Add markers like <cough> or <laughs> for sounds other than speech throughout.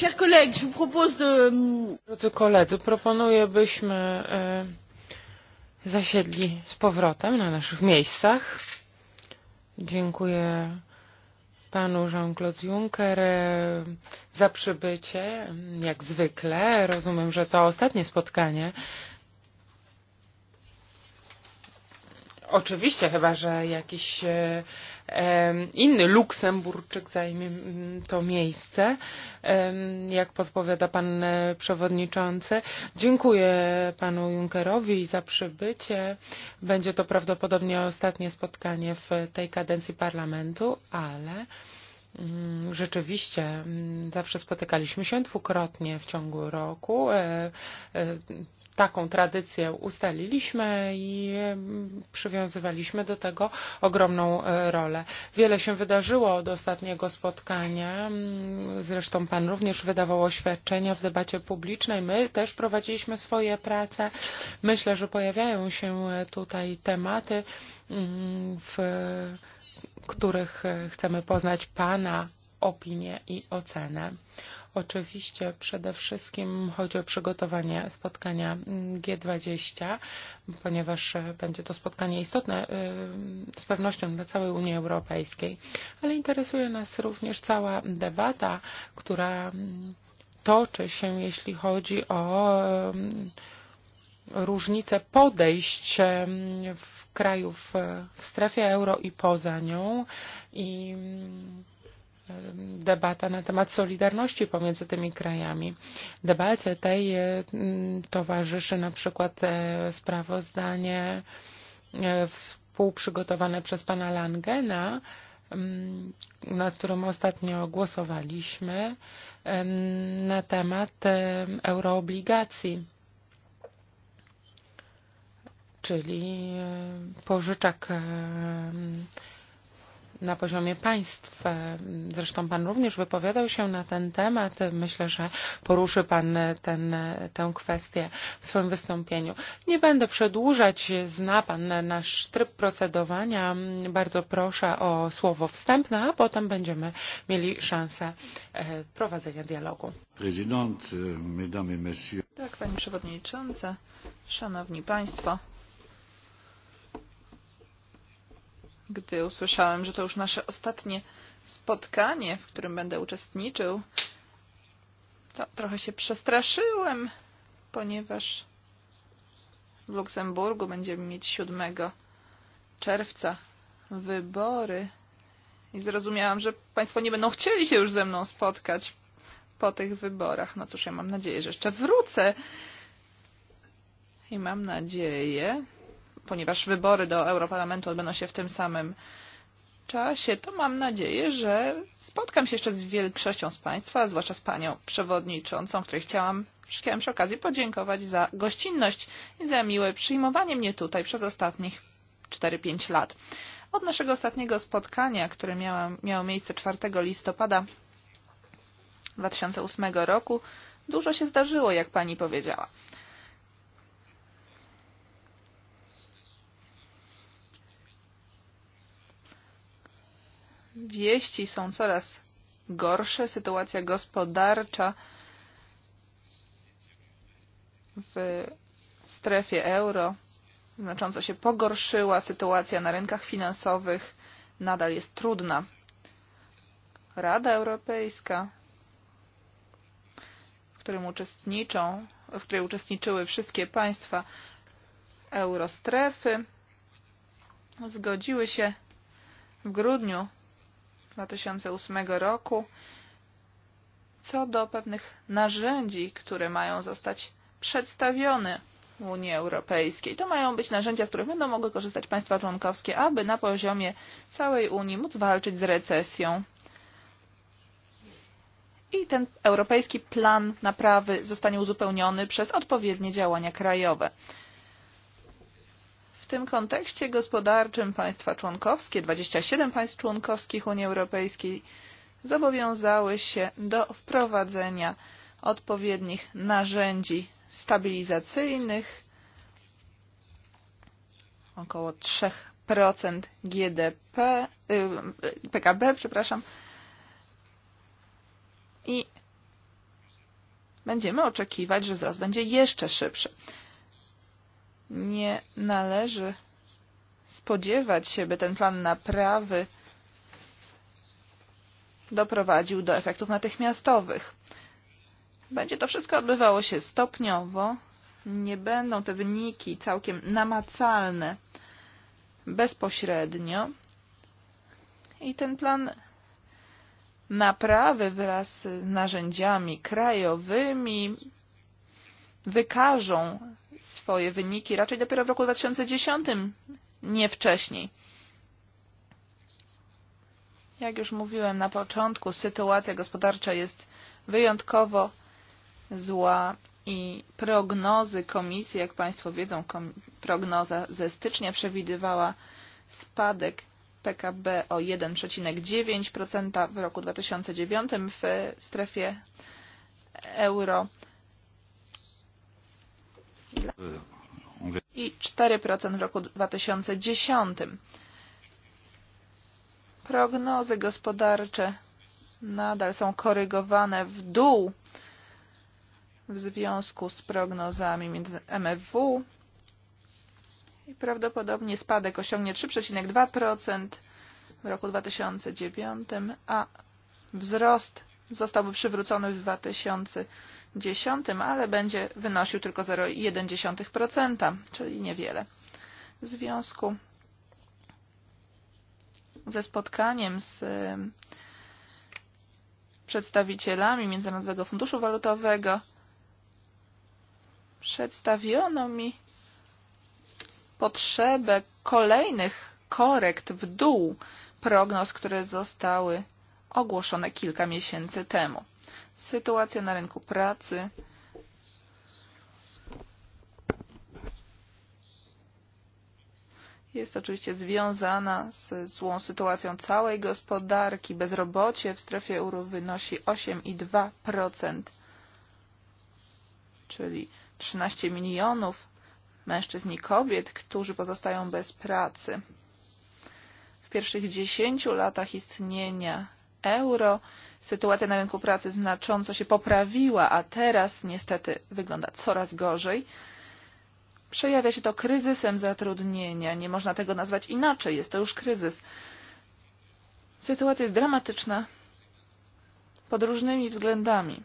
Chers collègues, euh, Drodzy koledzy, proponuję, byśmy e, zasiedli z powrotem na naszych miejscach. Dziękuję panu Jean-Claude Juncker e, za przybycie, jak zwykle. Rozumiem, że to ostatnie spotkanie. Oczywiście, chyba że jakiś e, inny Luksemburczyk zajmie mm, to miejsce, jak podpowiada pan e, przewodniczący. Dziękuję panu Junckerowi za przybycie. Będzie to prawdopodobnie ostatnie spotkanie w tej kadencji parlamentu, ale Mm, rzeczywiście, mm, zawsze spotykaliśmy się dwukrotnie w ciągu roku. E, e, taką tradycję ustaliliśmy i mm, przywiązywaliśmy do tego ogromną e, rolę. Wiele się wydarzyło od ostatniego spotkania. Zresztą Pan również wydawał oświadczenia w debacie publicznej. My też prowadziliśmy swoje prace. Myślę, że pojawiają się tutaj tematy w których e, chcemy poznać Pana opinię i ocenę. Oczywiście przede wszystkim chodzi o przygotowanie spotkania G20, ponieważ e, będzie to spotkanie istotne e, z pewnością dla całej Unii Europejskiej, ale interesuje nas również cała debata, która toczy się, jeśli chodzi o różnice podejść w krajów w strefie euro i poza nią i mm, debata na temat solidarności pomiędzy tymi krajami. Debacie tej e, towarzyszy na przykład e, sprawozdanie e, współprzygotowane przez pana Langena, na którym ostatnio głosowaliśmy, na temat euroobligacji czyli e, pożyczek e, na poziomie państw. E, zresztą Pan również wypowiadał się na ten temat. Myślę, że poruszy Pan ten, tę kwestię w swoim wystąpieniu. Nie będę przedłużać. Zna Pan nasz tryb procedowania. Bardzo proszę o słowo wstępne, a potem będziemy mieli szansę prowadzenia dialogu. Prezydent, mesdames et messieurs. Tak, Pani Przewodnicząca, Szanowni Państwo. gdy usłyszałem, że to już nasze ostatnie spotkanie, w którym będę uczestniczył, to trochę się przestraszyłem, ponieważ w Luksemburgu będziemy mieć 7 czerwca wybory i zrozumiałam, że Państwo nie będą chcieli się już ze mną spotkać po tych wyborach. No cóż, ja mam nadzieję, że jeszcze wrócę i mam nadzieję, ponieważ wybory do Europarlamentu odbędą się w tym samym czasie, to mam nadzieję, że spotkam się jeszcze z większością z Państwa, zwłaszcza z Panią Przewodniczącą, której chciałam, chciałam przy okazji podziękować za gościnność i za miłe przyjmowanie mnie tutaj przez ostatnich 4-5 lat. Od naszego ostatniego spotkania, które miało, miało miejsce 4 listopada 2008 roku, dużo się zdarzyło, jak Pani powiedziała. wieści są coraz gorsze. Sytuacja gospodarcza w strefie euro znacząco się pogorszyła. Sytuacja na rynkach finansowych nadal jest trudna. Rada Europejska, w, którym uczestniczą, w której uczestniczyły wszystkie państwa eurostrefy, zgodziły się w grudniu 2008 roku co do pewnych narzędzi, które mają zostać przedstawione w Unii Europejskiej. To mają być narzędzia, z których będą mogły korzystać państwa członkowskie, aby na poziomie całej Unii móc walczyć z recesją. I ten europejski plan naprawy zostanie uzupełniony przez odpowiednie działania krajowe tym kontekście gospodarczym państwa członkowskie, 27 państw członkowskich Unii Europejskiej, zobowiązały się do wprowadzenia odpowiednich narzędzi stabilizacyjnych, około 3% GDP, PKB, przepraszam, i będziemy oczekiwać, że wzrost będzie jeszcze szybszy. Nie należy spodziewać się, by ten plan naprawy doprowadził do efektów natychmiastowych. Będzie to wszystko odbywało się stopniowo, nie będą te wyniki całkiem namacalne bezpośrednio i ten plan naprawy wraz z narzędziami krajowymi wykażą swoje wyniki raczej dopiero w roku 2010, nie wcześniej. Jak już mówiłem na początku, sytuacja gospodarcza jest wyjątkowo zła i prognozy komisji, jak Państwo wiedzą, prognoza ze stycznia przewidywała spadek PKB o 1,9% w roku 2009 w strefie euro i 4% w roku 2010. Prognozy gospodarcze nadal są korygowane w dół w związku z prognozami między MFW i prawdopodobnie spadek osiągnie 3,2% w roku 2009, a wzrost zostałby przywrócony w 2010 ale będzie wynosił tylko 0,1%, czyli niewiele. W związku ze spotkaniem z przedstawicielami Międzynarodowego Funduszu Walutowego przedstawiono mi potrzebę kolejnych korekt w dół prognoz, które zostały ogłoszone kilka miesięcy temu. Sytuacja na rynku pracy. Jest oczywiście związana z złą sytuacją całej gospodarki. Bezrobocie w strefie euro wynosi 8,2%, czyli 13 milionów mężczyzn i kobiet, którzy pozostają bez pracy. W pierwszych 10 latach istnienia euro sytuacja na rynku pracy znacząco się poprawiła, a teraz niestety wygląda coraz gorzej. Przejawia się to kryzysem zatrudnienia. Nie można tego nazwać inaczej. Jest to już kryzys. Sytuacja jest dramatyczna pod różnymi względami.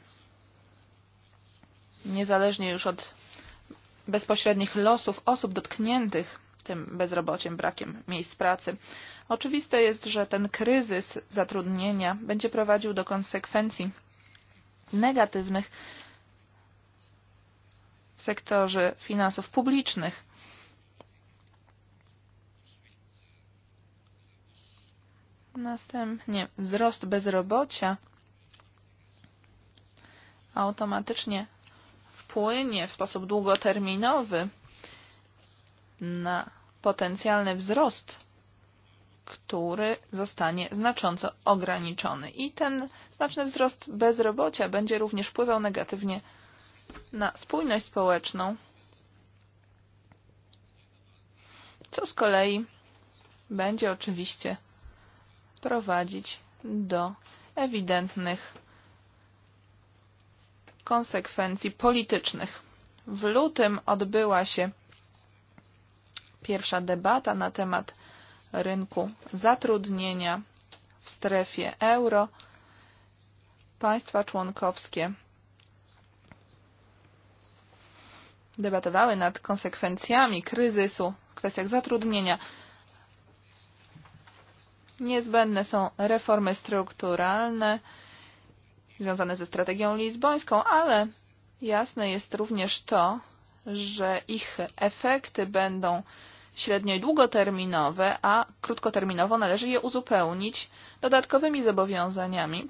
Niezależnie już od bezpośrednich losów osób dotkniętych tym bezrobociem, brakiem miejsc pracy. Oczywiste jest, że ten kryzys zatrudnienia będzie prowadził do konsekwencji negatywnych w sektorze finansów publicznych. Następnie wzrost bezrobocia automatycznie wpłynie w sposób długoterminowy na potencjalny wzrost który zostanie znacząco ograniczony. I ten znaczny wzrost bezrobocia będzie również wpływał negatywnie na spójność społeczną, co z kolei będzie oczywiście prowadzić do ewidentnych konsekwencji politycznych. W lutym odbyła się pierwsza debata na temat rynku zatrudnienia w strefie euro państwa członkowskie debatowały nad konsekwencjami kryzysu w kwestiach zatrudnienia. Niezbędne są reformy strukturalne związane ze strategią lizbońską, ale jasne jest również to, że ich efekty będą średnio i długoterminowe, a krótkoterminowo należy je uzupełnić dodatkowymi zobowiązaniami.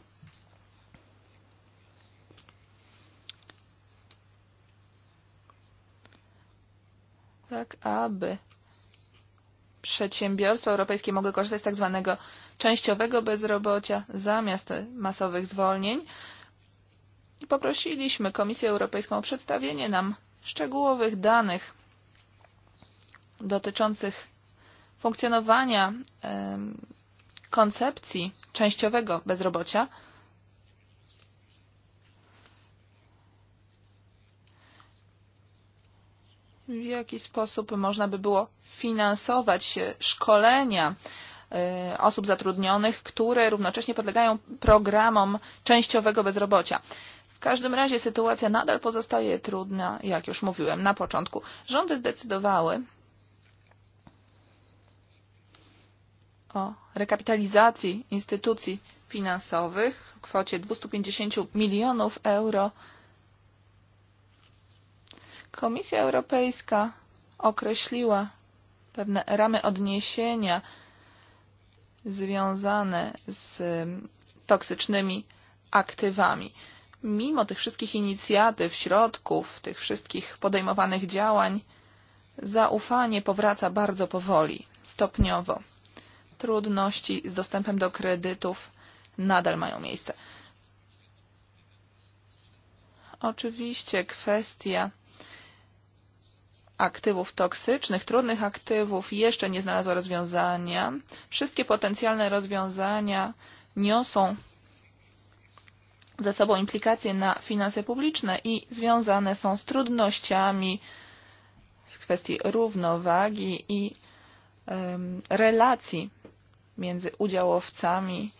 Tak, aby przedsiębiorstwa europejskie mogły korzystać z tak zwanego częściowego bezrobocia zamiast masowych zwolnień. I poprosiliśmy Komisję Europejską o przedstawienie nam szczegółowych danych dotyczących funkcjonowania koncepcji częściowego bezrobocia, w jaki sposób można by było finansować szkolenia e, osób zatrudnionych, które równocześnie podlegają programom częściowego bezrobocia. W każdym razie sytuacja nadal pozostaje trudna, jak już mówiłem na początku. Rządy zdecydowały, o rekapitalizacji instytucji finansowych w kwocie 250 milionów euro. Komisja Europejska określiła pewne ramy odniesienia związane z toksycznymi aktywami. Mimo tych wszystkich inicjatyw, środków, tych wszystkich podejmowanych działań, zaufanie powraca bardzo powoli, stopniowo trudności z dostępem do kredytów nadal mają miejsce. Oczywiście kwestia aktywów toksycznych, trudnych aktywów jeszcze nie znalazła rozwiązania. Wszystkie potencjalne rozwiązania niosą ze sobą implikacje na finanse publiczne i związane są z trudnościami w kwestii równowagi i relacji między udziałowcami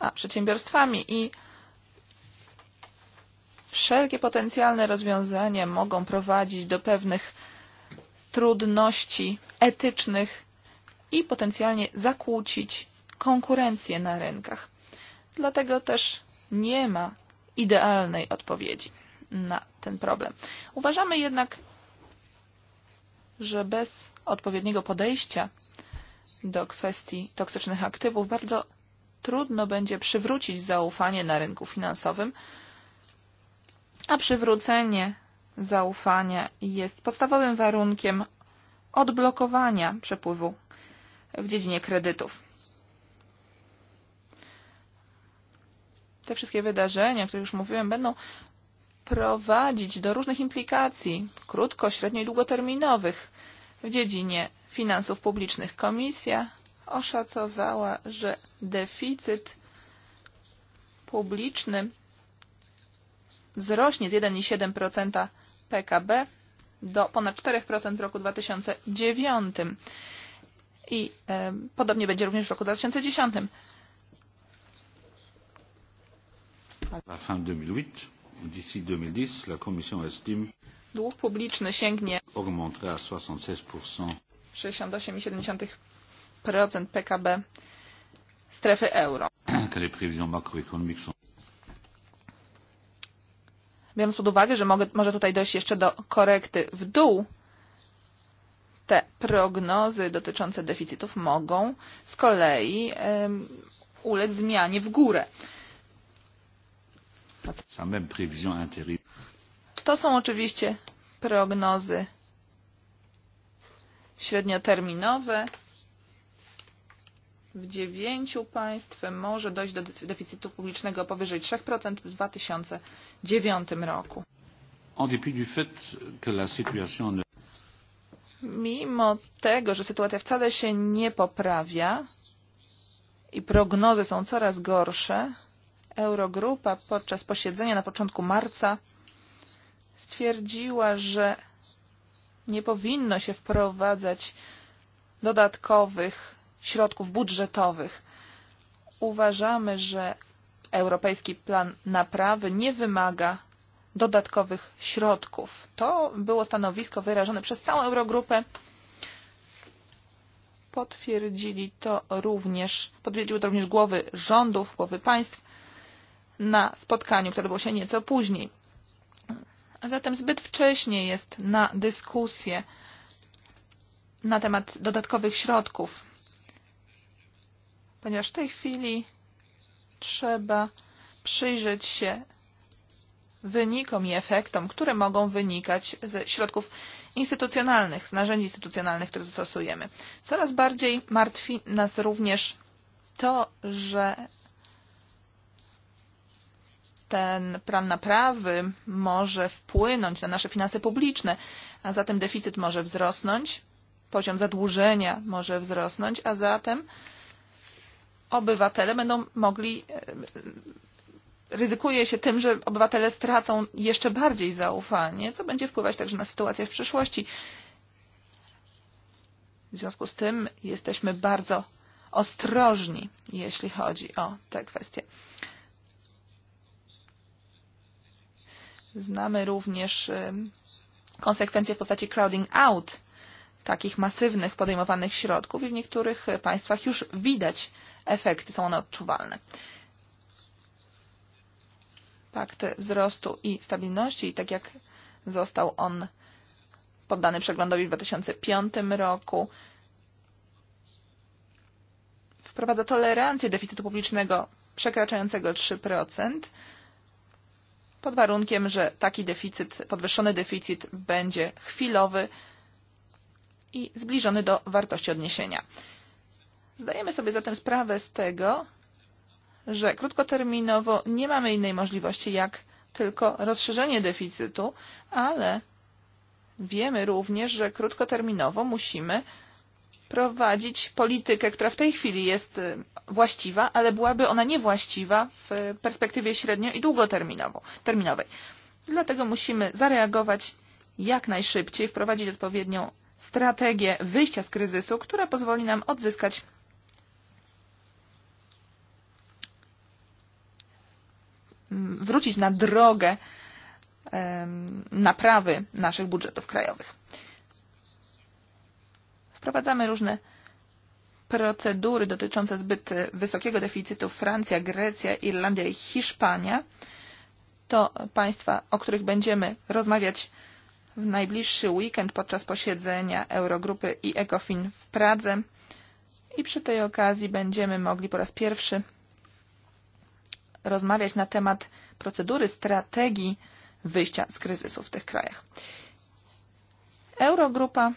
a przedsiębiorstwami i wszelkie potencjalne rozwiązania mogą prowadzić do pewnych trudności etycznych i potencjalnie zakłócić konkurencję na rynkach. Dlatego też nie ma idealnej odpowiedzi na ten problem. Uważamy jednak, że bez odpowiedniego podejścia do kwestii toksycznych aktywów, bardzo trudno będzie przywrócić zaufanie na rynku finansowym, a przywrócenie zaufania jest podstawowym warunkiem odblokowania przepływu w dziedzinie kredytów. Te wszystkie wydarzenia, o których już mówiłem, będą prowadzić do różnych implikacji krótko, średnio i długoterminowych w dziedzinie Finansów Publicznych Komisja oszacowała, że deficyt publiczny wzrośnie z 1,7% PKB do ponad 4% w roku 2009 i e, podobnie będzie również w roku 2010. dług publiczny sięgnie augmentera 68,7% PKB strefy euro. Biorąc pod uwagę, że mogę, może tutaj dojść jeszcze do korekty w dół, te prognozy dotyczące deficytów mogą z kolei um, ulec zmianie w górę. To są oczywiście prognozy średnioterminowe w dziewięciu państw może dojść do deficytu publicznego powyżej 3% w 2009 roku. Mimo tego, że sytuacja wcale się nie poprawia i prognozy są coraz gorsze, Eurogrupa podczas posiedzenia na początku marca stwierdziła, że nie powinno się wprowadzać dodatkowych środków budżetowych. Uważamy, że Europejski Plan Naprawy nie wymaga dodatkowych środków. To było stanowisko wyrażone przez całą Eurogrupę. Potwierdzili to również, potwierdziły to również głowy rządów, głowy państw na spotkaniu, które było się nieco później. A zatem zbyt wcześnie jest na dyskusję na temat dodatkowych środków, ponieważ w tej chwili trzeba przyjrzeć się wynikom i efektom, które mogą wynikać ze środków instytucjonalnych, z narzędzi instytucjonalnych, które zastosujemy. Coraz bardziej martwi nas również to, że ten plan naprawy może wpłynąć na nasze finanse publiczne, a zatem deficyt może wzrosnąć, poziom zadłużenia może wzrosnąć, a zatem obywatele będą mogli, e, ryzykuje się tym, że obywatele stracą jeszcze bardziej zaufanie, co będzie wpływać także na sytuację w przyszłości. W związku z tym jesteśmy bardzo ostrożni, jeśli chodzi o te kwestie. Znamy również e, konsekwencje w postaci crowding out takich masywnych podejmowanych środków i w niektórych e, państwach już widać efekty, są one odczuwalne. Pakt wzrostu i stabilności, i tak jak został on poddany przeglądowi w 2005 roku, wprowadza tolerancję deficytu publicznego przekraczającego 3%, pod warunkiem, że taki deficyt, podwyższony deficyt będzie chwilowy i zbliżony do wartości odniesienia. Zdajemy sobie zatem sprawę z tego, że krótkoterminowo nie mamy innej możliwości jak tylko rozszerzenie deficytu, ale wiemy również, że krótkoterminowo musimy prowadzić politykę, która w tej chwili jest e, właściwa, ale byłaby ona niewłaściwa w perspektywie średnio i długoterminowej. Dlatego musimy zareagować jak najszybciej, wprowadzić odpowiednią strategię wyjścia z kryzysu, która pozwoli nam odzyskać wrócić na drogę naprawy naszych budżetów krajowych. Wprowadzamy różne procedury dotyczące zbyt wysokiego e, deficytu Francja, Grecja, Irlandia i Hiszpania. To państwa, o których będziemy rozmawiać w najbliższy weekend podczas posiedzenia Eurogrupy i ECOFIN w Pradze. I przy tej okazji będziemy mogli po raz pierwszy rozmawiać na temat procedury strategii wyjścia z kryzysu w tych krajach. Eurogrupa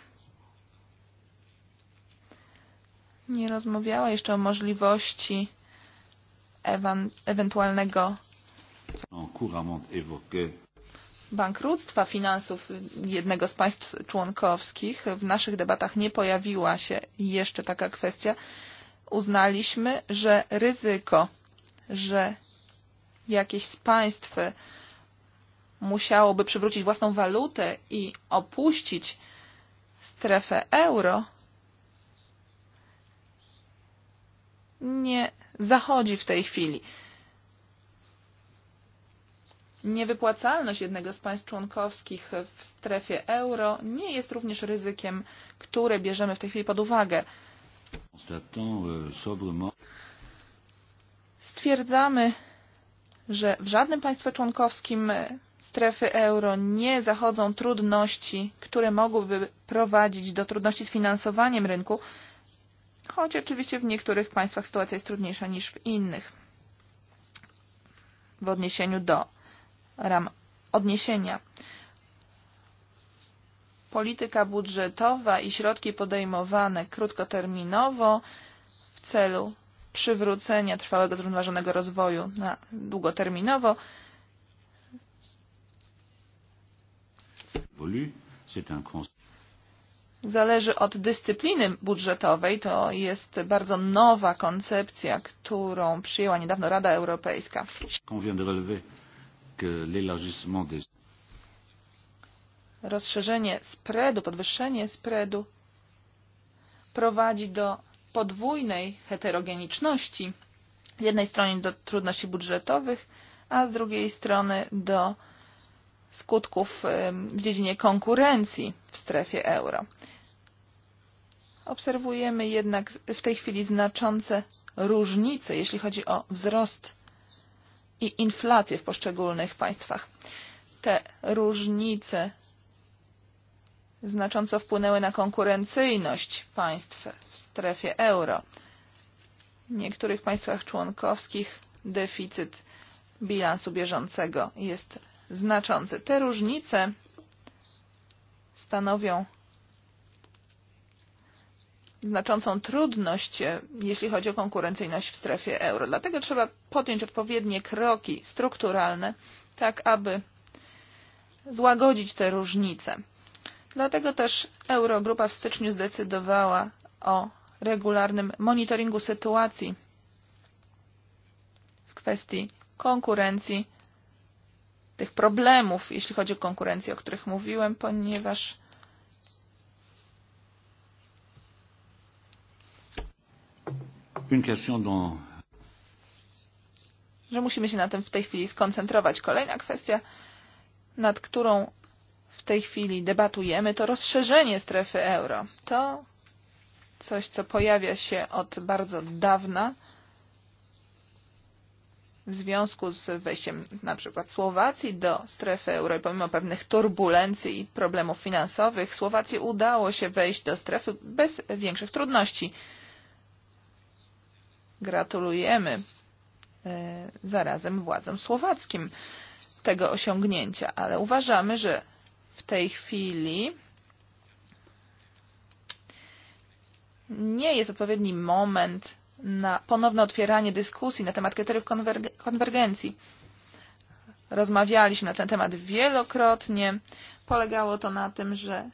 nie rozmawiała jeszcze o możliwości ewentualnego bankructwa finansów jednego z państw członkowskich. W naszych debatach nie pojawiła się jeszcze taka kwestia. Uznaliśmy, że ryzyko, że jakieś z państw musiałoby przywrócić własną walutę i opuścić strefę euro, nie zachodzi w tej chwili. Niewypłacalność jednego z państw członkowskich w strefie euro nie jest również ryzykiem, które bierzemy w tej chwili pod uwagę. Stwierdzamy, że w żadnym państwie członkowskim strefy euro nie zachodzą trudności, które mogłyby prowadzić do trudności z finansowaniem rynku, choć oczywiście w niektórych państwach sytuacja jest trudniejsza niż w innych w odniesieniu do ram odniesienia. Polityka budżetowa i środki podejmowane krótkoterminowo w celu przywrócenia trwałego zrównoważonego rozwoju na długoterminowo zależy od dyscypliny budżetowej. To jest bardzo nowa koncepcja, którą przyjęła niedawno Rada Europejska. Rozszerzenie spreadu, podwyższenie spreadu prowadzi do podwójnej heterogeniczności. Z jednej strony do trudności budżetowych, a z drugiej strony do skutków w dziedzinie konkurencji w strefie euro. Obserwujemy jednak w tej chwili znaczące różnice, jeśli chodzi o wzrost i inflację w poszczególnych państwach. Te różnice znacząco wpłynęły na konkurencyjność państw w strefie euro. W niektórych państwach członkowskich deficyt bilansu bieżącego jest znaczący. Te różnice stanowią znaczącą trudność, e, jeśli chodzi o konkurencyjność w strefie euro. Dlatego trzeba podjąć odpowiednie kroki strukturalne, tak aby złagodzić te różnice. Dlatego też Eurogrupa w styczniu zdecydowała o regularnym monitoringu sytuacji w kwestii konkurencji tych problemów, jeśli chodzi o konkurencję, o których mówiłem, ponieważ że musimy się na tym w tej chwili skoncentrować. Kolejna kwestia, nad którą w tej chwili debatujemy, to rozszerzenie strefy euro. To coś, co pojawia się od bardzo dawna w związku z wejściem na przykład Słowacji do strefy euro i pomimo pewnych turbulencji i problemów finansowych, Słowacji udało się wejść do strefy bez większych trudności. Gratulujemy e, zarazem władzom słowackim tego osiągnięcia, ale uważamy, że w tej chwili nie jest odpowiedni moment na ponowne otwieranie dyskusji na temat kryteriów konwergencji. Rozmawialiśmy na ten temat wielokrotnie. Polegało to na tym, że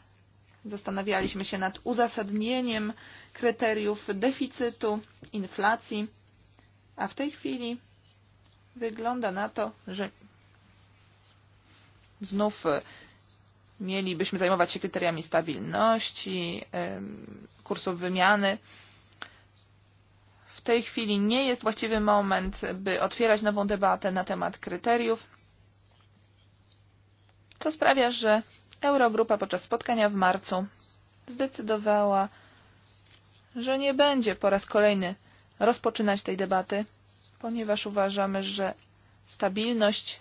zastanawialiśmy się nad uzasadnieniem kryteriów deficytu, inflacji, a w tej chwili wygląda na to, że znów e, mielibyśmy zajmować się kryteriami stabilności, kursów wymiany, tej chwili nie jest właściwy moment, by otwierać nową debatę na temat kryteriów, co sprawia, że Eurogrupa podczas spotkania w marcu zdecydowała, że nie będzie po raz kolejny rozpoczynać tej debaty, ponieważ uważamy, że stabilność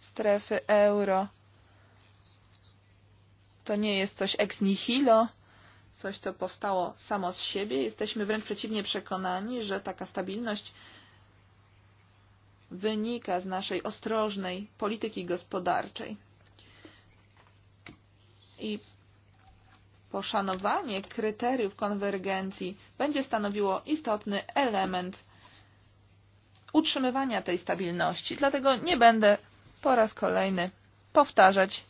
strefy euro to nie jest coś ex nihilo, coś, co powstało samo z siebie. Jesteśmy wręcz przeciwnie przekonani, że taka stabilność wynika z naszej ostrożnej polityki gospodarczej. I poszanowanie kryteriów konwergencji będzie stanowiło istotny element utrzymywania tej stabilności. Dlatego nie będę po raz kolejny powtarzać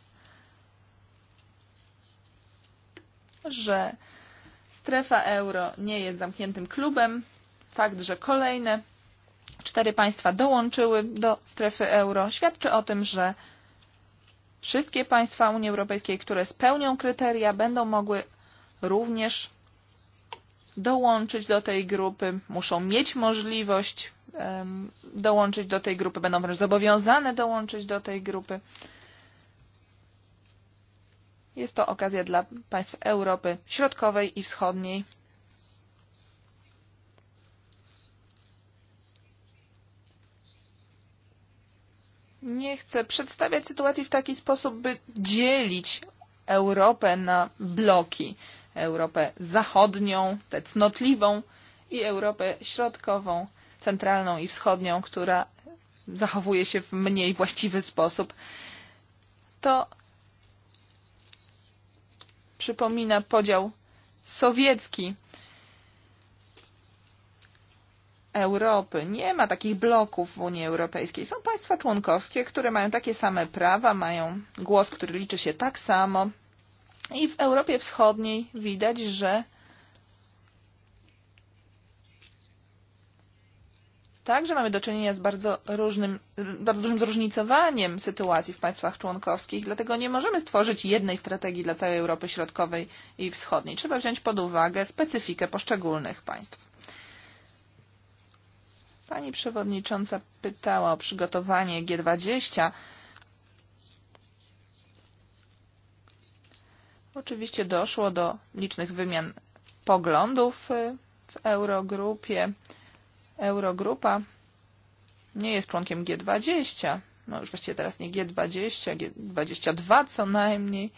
że strefa euro nie jest zamkniętym klubem. Fakt, że kolejne cztery państwa dołączyły do strefy euro świadczy o tym, że wszystkie państwa Unii Europejskiej, które spełnią kryteria, będą mogły również dołączyć do tej grupy, muszą mieć możliwość dołączyć do tej grupy, będą wręcz zobowiązane dołączyć do tej grupy. Jest to okazja dla państw Europy Środkowej i Wschodniej. Nie chcę przedstawiać sytuacji w taki sposób, by dzielić Europę na bloki. Europę zachodnią, tę cnotliwą i Europę środkową, centralną i wschodnią, która zachowuje się w mniej właściwy sposób. To przypomina podział sowiecki Europy. Nie ma takich bloków w Unii Europejskiej. Są państwa członkowskie, które mają takie same prawa, mają głos, który liczy się tak samo. I w Europie Wschodniej widać, że Także mamy do czynienia z bardzo, różnym, bardzo dużym zróżnicowaniem sytuacji w państwach członkowskich, dlatego nie możemy stworzyć jednej strategii dla całej Europy Środkowej i Wschodniej. Trzeba wziąć pod uwagę specyfikę poszczególnych państw. Pani przewodnicząca pytała o przygotowanie G20. Oczywiście doszło do licznych wymian poglądów w Eurogrupie. Eurogrupa nie jest członkiem G20, no już właściwie teraz nie G20, G22 co najmniej,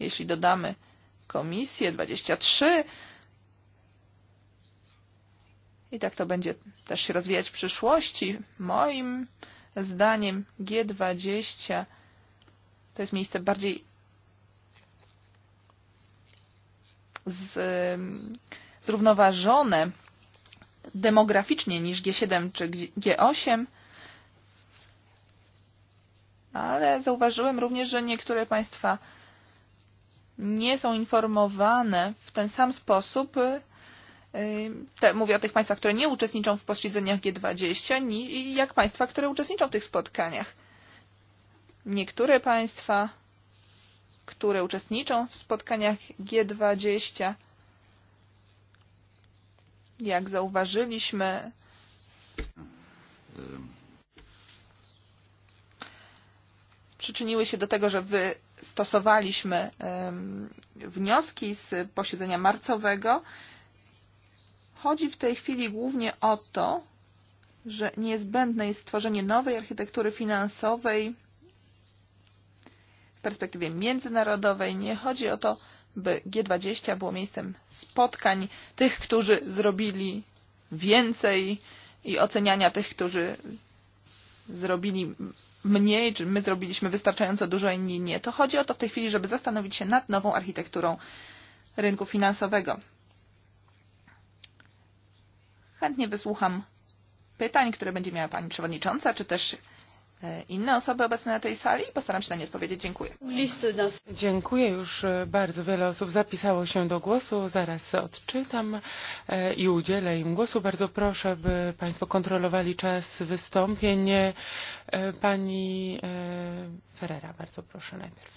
jeśli dodamy komisję 23. I tak to będzie też się rozwijać w przyszłości. Moim zdaniem G20 to jest miejsce bardziej z, zrównoważone demograficznie niż G7 czy G8, ale zauważyłem również, że niektóre państwa nie są informowane w ten sam sposób, e, te, mówię o tych państwach, które nie uczestniczą w posiedzeniach G20, ni, jak państwa, które uczestniczą w tych spotkaniach. Niektóre państwa, które uczestniczą w spotkaniach G20, Jak zauważyliśmy, przyczyniły się do tego, że wystosowaliśmy wnioski z posiedzenia marcowego. Chodzi w tej chwili głównie o to, że niezbędne jest stworzenie nowej architektury finansowej w perspektywie międzynarodowej. Nie chodzi o to, by G20 było miejscem spotkań tych, którzy zrobili więcej i oceniania tych, którzy zrobili mniej, czy my zrobiliśmy wystarczająco dużo, inni nie. To chodzi o to w tej chwili, żeby zastanowić się nad nową architekturą rynku finansowego. Chętnie wysłucham pytań, które będzie miała Pani Przewodnicząca, czy też E, inne osoby obecne na tej sali? Postaram się na nie odpowiedzieć. Dziękuję. Dziękuję. Już bardzo wiele osób zapisało się do głosu. Zaraz odczytam e, i udzielę im głosu. Bardzo proszę, by Państwo kontrolowali czas wystąpień. E, pani Ferrera, bardzo proszę najpierw.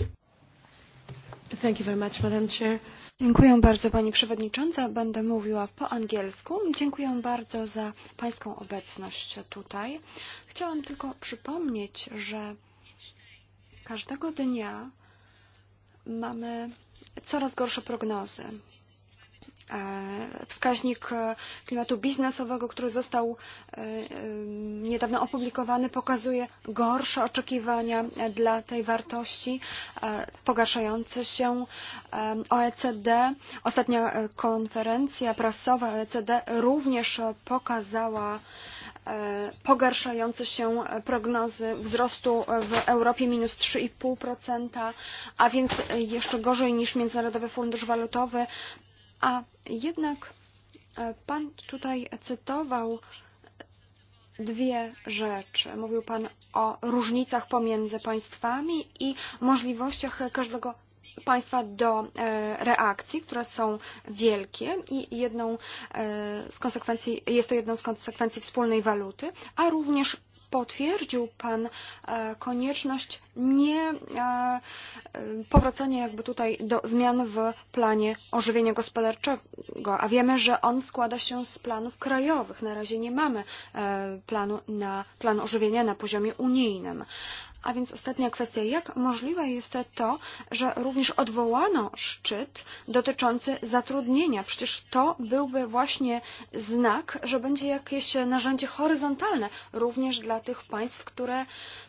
Thank you very much, Madam Chair. Dziękuję bardzo Pani Przewodnicząca. Będę mówiła po angielsku. Dziękuję bardzo za Pańską obecność tutaj. Chciałam tylko przypomnieć, że każdego dnia mamy coraz gorsze prognozy wskaźnik e, klimatu biznesowego, który został e, e, niedawno opublikowany, pokazuje gorsze oczekiwania dla tej wartości, pogarszające się OECD. Ostatnia konferencja prasowa OECD również pokazała pogarszające się prognozy wzrostu w Europie minus 3,5%, a więc jeszcze gorzej niż Międzynarodowy Fundusz Walutowy a jednak e, pan tutaj cytował dwie rzeczy. Mówił pan o różnicach pomiędzy państwami i możliwościach każdego państwa do e, reakcji, które są wielkie i jedną e, z konsekwencji, jest to jedną z konsekwencji wspólnej waluty, a również potwierdził Pan e, konieczność nie e, e, powracania jakby tutaj do zmian w planie ożywienia gospodarczego, a wiemy, że on składa się z planów krajowych. Na razie nie mamy planu, na, plan ożywienia na poziomie unijnym. A więc ostatnia kwestia. Jak możliwe jest to, że również odwołano szczyt dotyczący zatrudnienia? Przecież to byłby właśnie znak, że będzie jakieś narzędzie horyzontalne również dla tych państw, które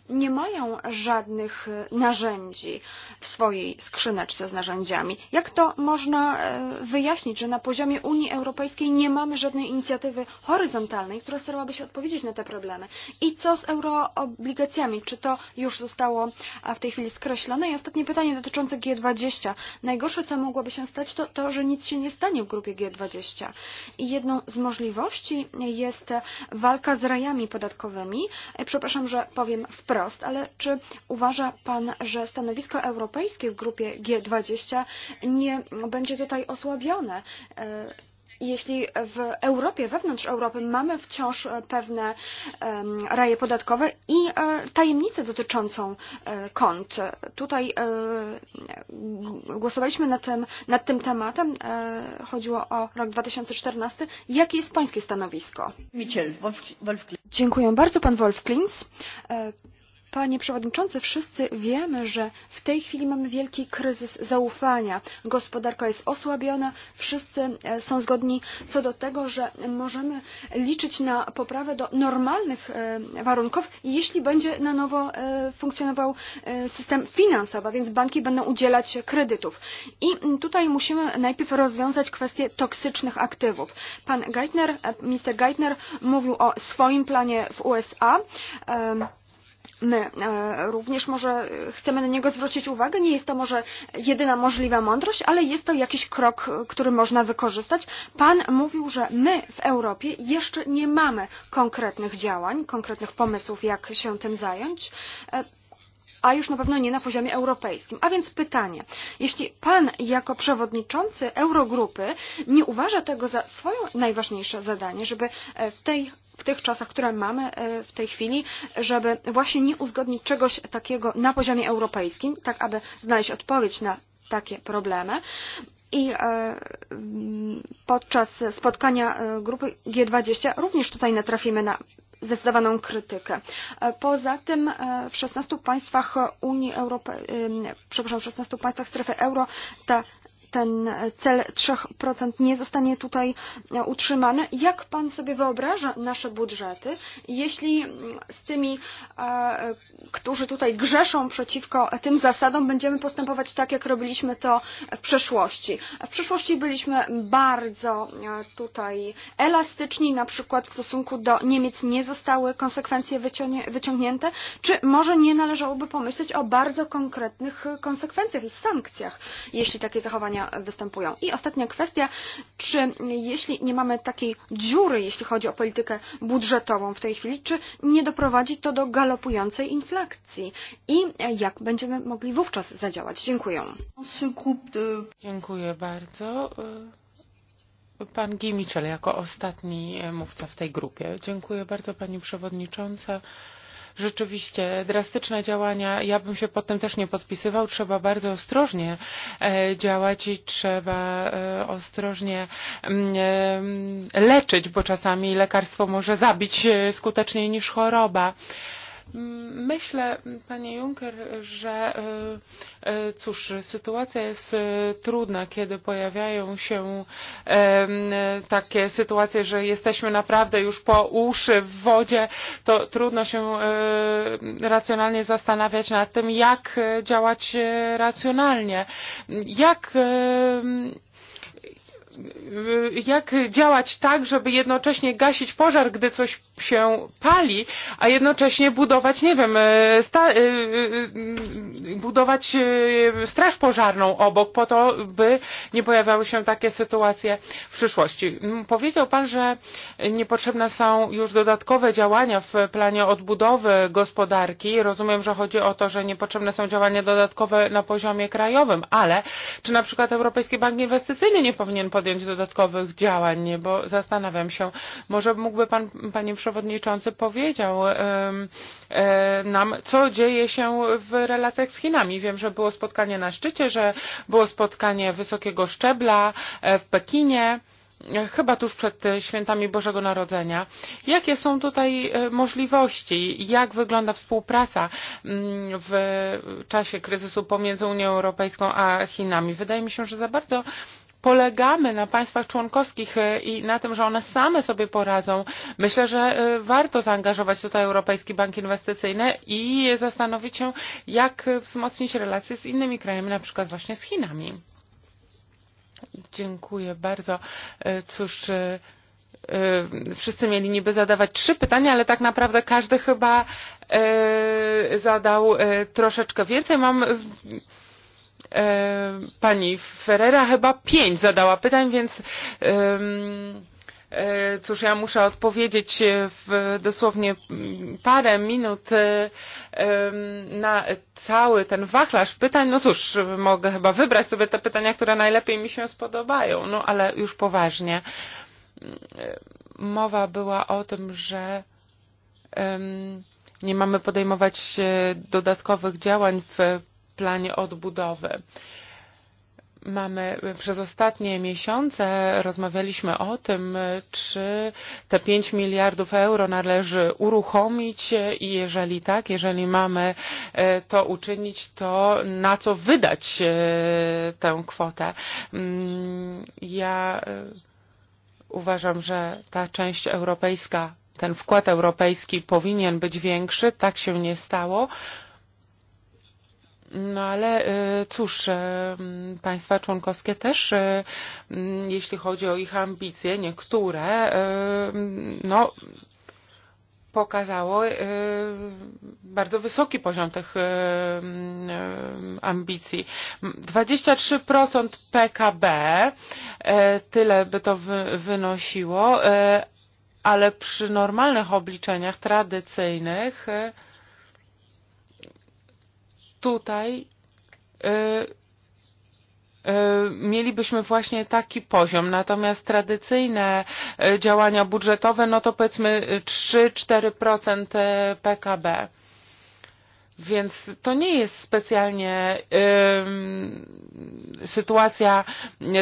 nie mają żadnych narzędzi w swojej skrzyneczce z narzędziami. Jak to można e, wyjaśnić, że na poziomie Unii Europejskiej nie mamy żadnej inicjatywy horyzontalnej, która starałaby się odpowiedzieć na te problemy? I co z euroobligacjami? Czy to już zostało w tej chwili skreślone. I ostatnie pytanie dotyczące G20. Najgorsze, co mogłoby się stać, to to, że nic się nie stanie w grupie G20. I jedną z możliwości jest walka z rajami podatkowymi. E, przepraszam, że powiem wprost, ale czy uważa Pan, że stanowisko europejskie w grupie G20 nie będzie tutaj osłabione? E, jeśli w Europie, wewnątrz Europy mamy wciąż e, pewne raje podatkowe i e, tajemnicę dotyczącą e, kont. Tutaj głosowaliśmy nad tym, nad tym tematem. Chodziło o rok 2014. Jakie jest pańskie stanowisko? Michel, Wolf, Wolf Dziękuję bardzo, pan Wolf Klins. Panie Przewodniczący, wszyscy wiemy, że w tej chwili mamy wielki kryzys zaufania. Gospodarka jest osłabiona, wszyscy e, są zgodni co do tego, że możemy liczyć na poprawę do normalnych e, warunków, jeśli będzie na nowo e, funkcjonował system finansowy, a więc banki będą udzielać kredytów. I tutaj musimy najpierw rozwiązać kwestię toksycznych aktywów. Pan Geithner, minister Geithner mówił o swoim planie w USA. E, my również może chcemy na niego zwrócić uwagę. Nie jest to może jedyna możliwa mądrość, ale jest to jakiś krok, który można wykorzystać. Pan mówił, że my w Europie jeszcze nie mamy konkretnych działań, konkretnych pomysłów, jak się tym zająć e, a już na pewno nie na poziomie europejskim. A więc pytanie, jeśli pan jako przewodniczący Eurogrupy nie uważa tego za swoje najważniejsze zadanie, żeby e, w tej w tych czasach, które mamy e, w tej chwili, żeby właśnie nie uzgodnić czegoś takiego na poziomie europejskim, tak aby znaleźć odpowiedź na takie problemy. I e, mm, podczas spotkania e, grupy G20 również tutaj natrafimy na zdecydowaną krytykę. Poza tym w 16 państwach Unii Europejskiej, przepraszam, w 16 państwach strefy euro ta ten cel 3% nie zostanie tutaj e, utrzymany. Jak pan sobie wyobraża nasze budżety, jeśli mm, z tymi, e, którzy tutaj grzeszą przeciwko tym zasadom, będziemy postępować tak, jak robiliśmy to w przeszłości? W przeszłości byliśmy bardzo e, tutaj elastyczni, na przykład w stosunku do Niemiec nie zostały konsekwencje wyciągnięte. Czy może nie należałoby pomyśleć o bardzo konkretnych konsekwencjach i sankcjach, jeśli takie zachowania wystąpienia występują. I ostatnia kwestia, czy jeśli nie mamy takiej dziury, jeśli chodzi o politykę budżetową w tej chwili, czy nie doprowadzi to do galopującej inflacji i jak będziemy mogli wówczas zadziałać? Dziękuję. Dziękuję bardzo. Pan Gimiczel jako ostatni mówca w tej grupie. Dziękuję bardzo Pani Przewodnicząca rzeczywiście drastyczne działania. Ja bym się pod tym też nie podpisywał. Trzeba bardzo ostrożnie e, działać i trzeba e, ostrożnie mm, e, leczyć, bo czasami lekarstwo może zabić skuteczniej niż choroba. Myślę, panie Juncker, że e, e, cóż, sytuacja jest e, trudna, kiedy pojawiają się takie sytuacje, że jesteśmy naprawdę już po uszy w wodzie, to trudno się racjonalnie zastanawiać nad tym, jak działać racjonalnie. Jak jak działać tak, żeby jednocześnie gasić pożar, gdy coś się pali, a jednocześnie budować, nie wiem, e, sta, e, e, budować straż pożarną obok, po to, by nie pojawiały się takie sytuacje w przyszłości. Mm, powiedział Pan, że niepotrzebne są już dodatkowe działania w planie odbudowy gospodarki. Rozumiem, że chodzi o to, że niepotrzebne są działania dodatkowe na poziomie krajowym, ale czy na przykład Europejski Bank Inwestycyjny nie powinien podjąć podjąć dodatkowych działań, bo zastanawiam się, może mógłby pan, panie przewodniczący, powiedział e, e, nam, co dzieje się w relacjach z Chinami. Wiem, że było spotkanie na szczycie, że było spotkanie wysokiego szczebla e, w Pekinie chyba tuż przed świętami Bożego Narodzenia. Jakie są tutaj możliwości? Jak wygląda współpraca mm, w czasie kryzysu pomiędzy Unią Europejską a Chinami? Wydaje mi się, że za bardzo polegamy na państwach członkowskich e, i na tym, że one same sobie poradzą. Myślę, że e, warto zaangażować tutaj Europejski Bank Inwestycyjny i zastanowić się, jak wzmocnić relacje z innymi krajami, na przykład właśnie z Chinami. Dziękuję bardzo. E, cóż, wszyscy mieli niby zadawać trzy pytania, ale tak naprawdę każdy chyba zadał troszeczkę więcej. Mam E, pani Ferrera chyba pięć zadała pytań, więc e, cóż, ja muszę odpowiedzieć w dosłownie parę minut e, na cały ten wachlarz pytań. No cóż, mogę chyba wybrać sobie te pytania, które najlepiej mi się spodobają, no ale już poważnie. Mowa była o tym, że nie mamy podejmować dodatkowych działań w planie odbudowy. Mamy przez ostatnie miesiące rozmawialiśmy o tym, czy te 5 miliardów euro należy uruchomić i jeżeli tak, jeżeli mamy e, to uczynić, to na co wydać e, tę kwotę. Mm, ja e, uważam, że ta część europejska, ten wkład europejski powinien być większy. Tak się nie stało. No ale e, cóż, e, państwa członkowskie też, e, mm, jeśli chodzi o ich ambicje, niektóre, no pokazało bardzo wysoki poziom tych mm, ambicji. 23% PKB, tyle by to wynosiło, ale przy normalnych obliczeniach tradycyjnych tutaj e, e, mielibyśmy właśnie taki poziom. Natomiast tradycyjne e, działania budżetowe, no to powiedzmy 3-4% PKB. Więc to nie jest specjalnie y, sytuacja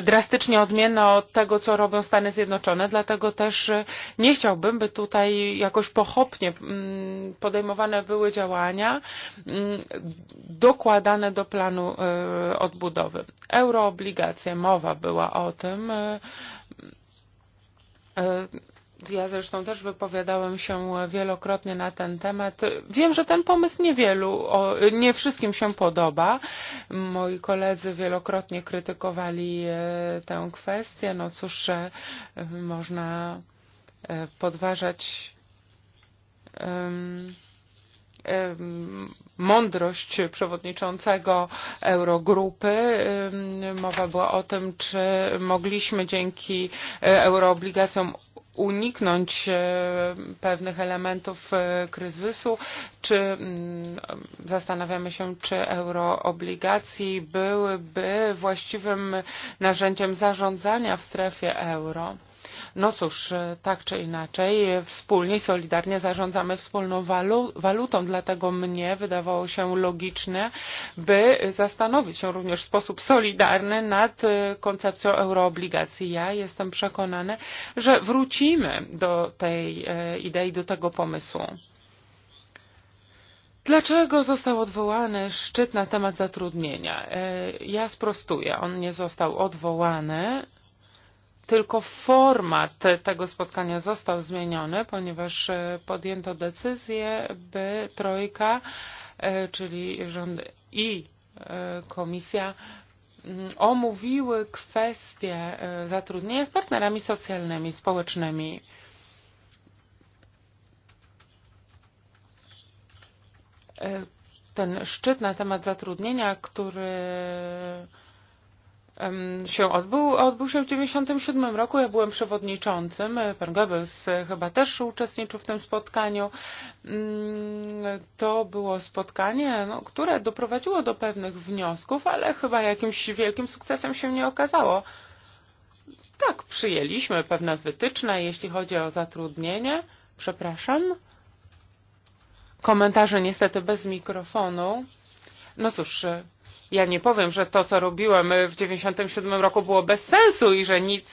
drastycznie odmienna od tego, co robią Stany Zjednoczone, dlatego też e, nie chciałbym, by tutaj jakoś pochopnie mm, podejmowane były działania mm, dokładane do planu e, odbudowy. Euroobligacje, mowa była o tym. E, ja zresztą też wypowiadałem się wielokrotnie na ten temat. Wiem, że ten pomysł niewielu, nie wszystkim się podoba. Moi koledzy wielokrotnie krytykowali e, tę kwestię. No cóż, że e, można e, podważać mądrość przewodniczącego Eurogrupy. Mowa była o tym, czy mogliśmy dzięki euroobligacjom uniknąć e, pewnych elementów e, kryzysu, czy mm, zastanawiamy się, czy euroobligacje byłyby właściwym narzędziem zarządzania w strefie euro. No cóż, e, tak czy inaczej, wspólnie, e, solidarnie zarządzamy wspólną walu walutą, dlatego mnie wydawało się logiczne, by zastanowić się również w sposób solidarny nad e, koncepcją euroobligacji. Ja jestem przekonany, że wrócimy do tej idei, do tego pomysłu. Dlaczego został odwołany szczyt na temat zatrudnienia? Ja sprostuję. On nie został odwołany tylko format e, tego spotkania został zmieniony, ponieważ e, podjęto decyzję, by Trojka, e, czyli rząd i komisja mm, omówiły kwestie zatrudnienia z partnerami socjalnymi, społecznymi. Ten szczyt na temat zatrudnienia, który się odbył. Odbył się w 1997 roku. Ja byłem przewodniczącym. Pan Goebbels chyba też uczestniczył w tym spotkaniu. Mm, to było spotkanie, no, które doprowadziło do pewnych wniosków, ale chyba jakimś wielkim sukcesem się nie okazało. Tak, przyjęliśmy pewne wytyczne, jeśli chodzi o zatrudnienie. Przepraszam. Komentarze niestety bez mikrofonu. No cóż, ja nie powiem, że to, co robiłem w 1997 roku było bez sensu i że nic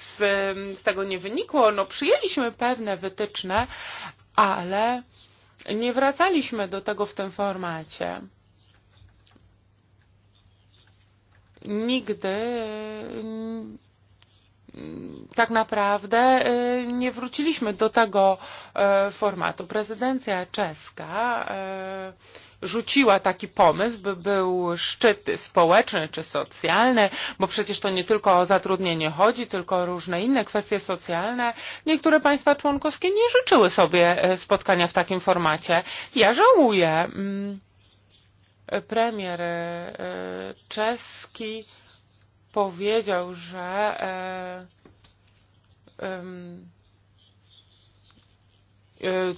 z tego nie wynikło. No przyjęliśmy pewne wytyczne, ale nie wracaliśmy do tego w tym formacie. Nigdy tak naprawdę e, nie wróciliśmy do tego e, formatu. Prezydencja czeska e, rzuciła taki pomysł, by był szczyt społeczny czy socjalny, bo przecież to nie tylko o zatrudnienie chodzi, tylko o różne inne kwestie socjalne. Niektóre państwa członkowskie nie życzyły sobie spotkania w takim formacie. Ja żałuję. Mm, premier czeski e, že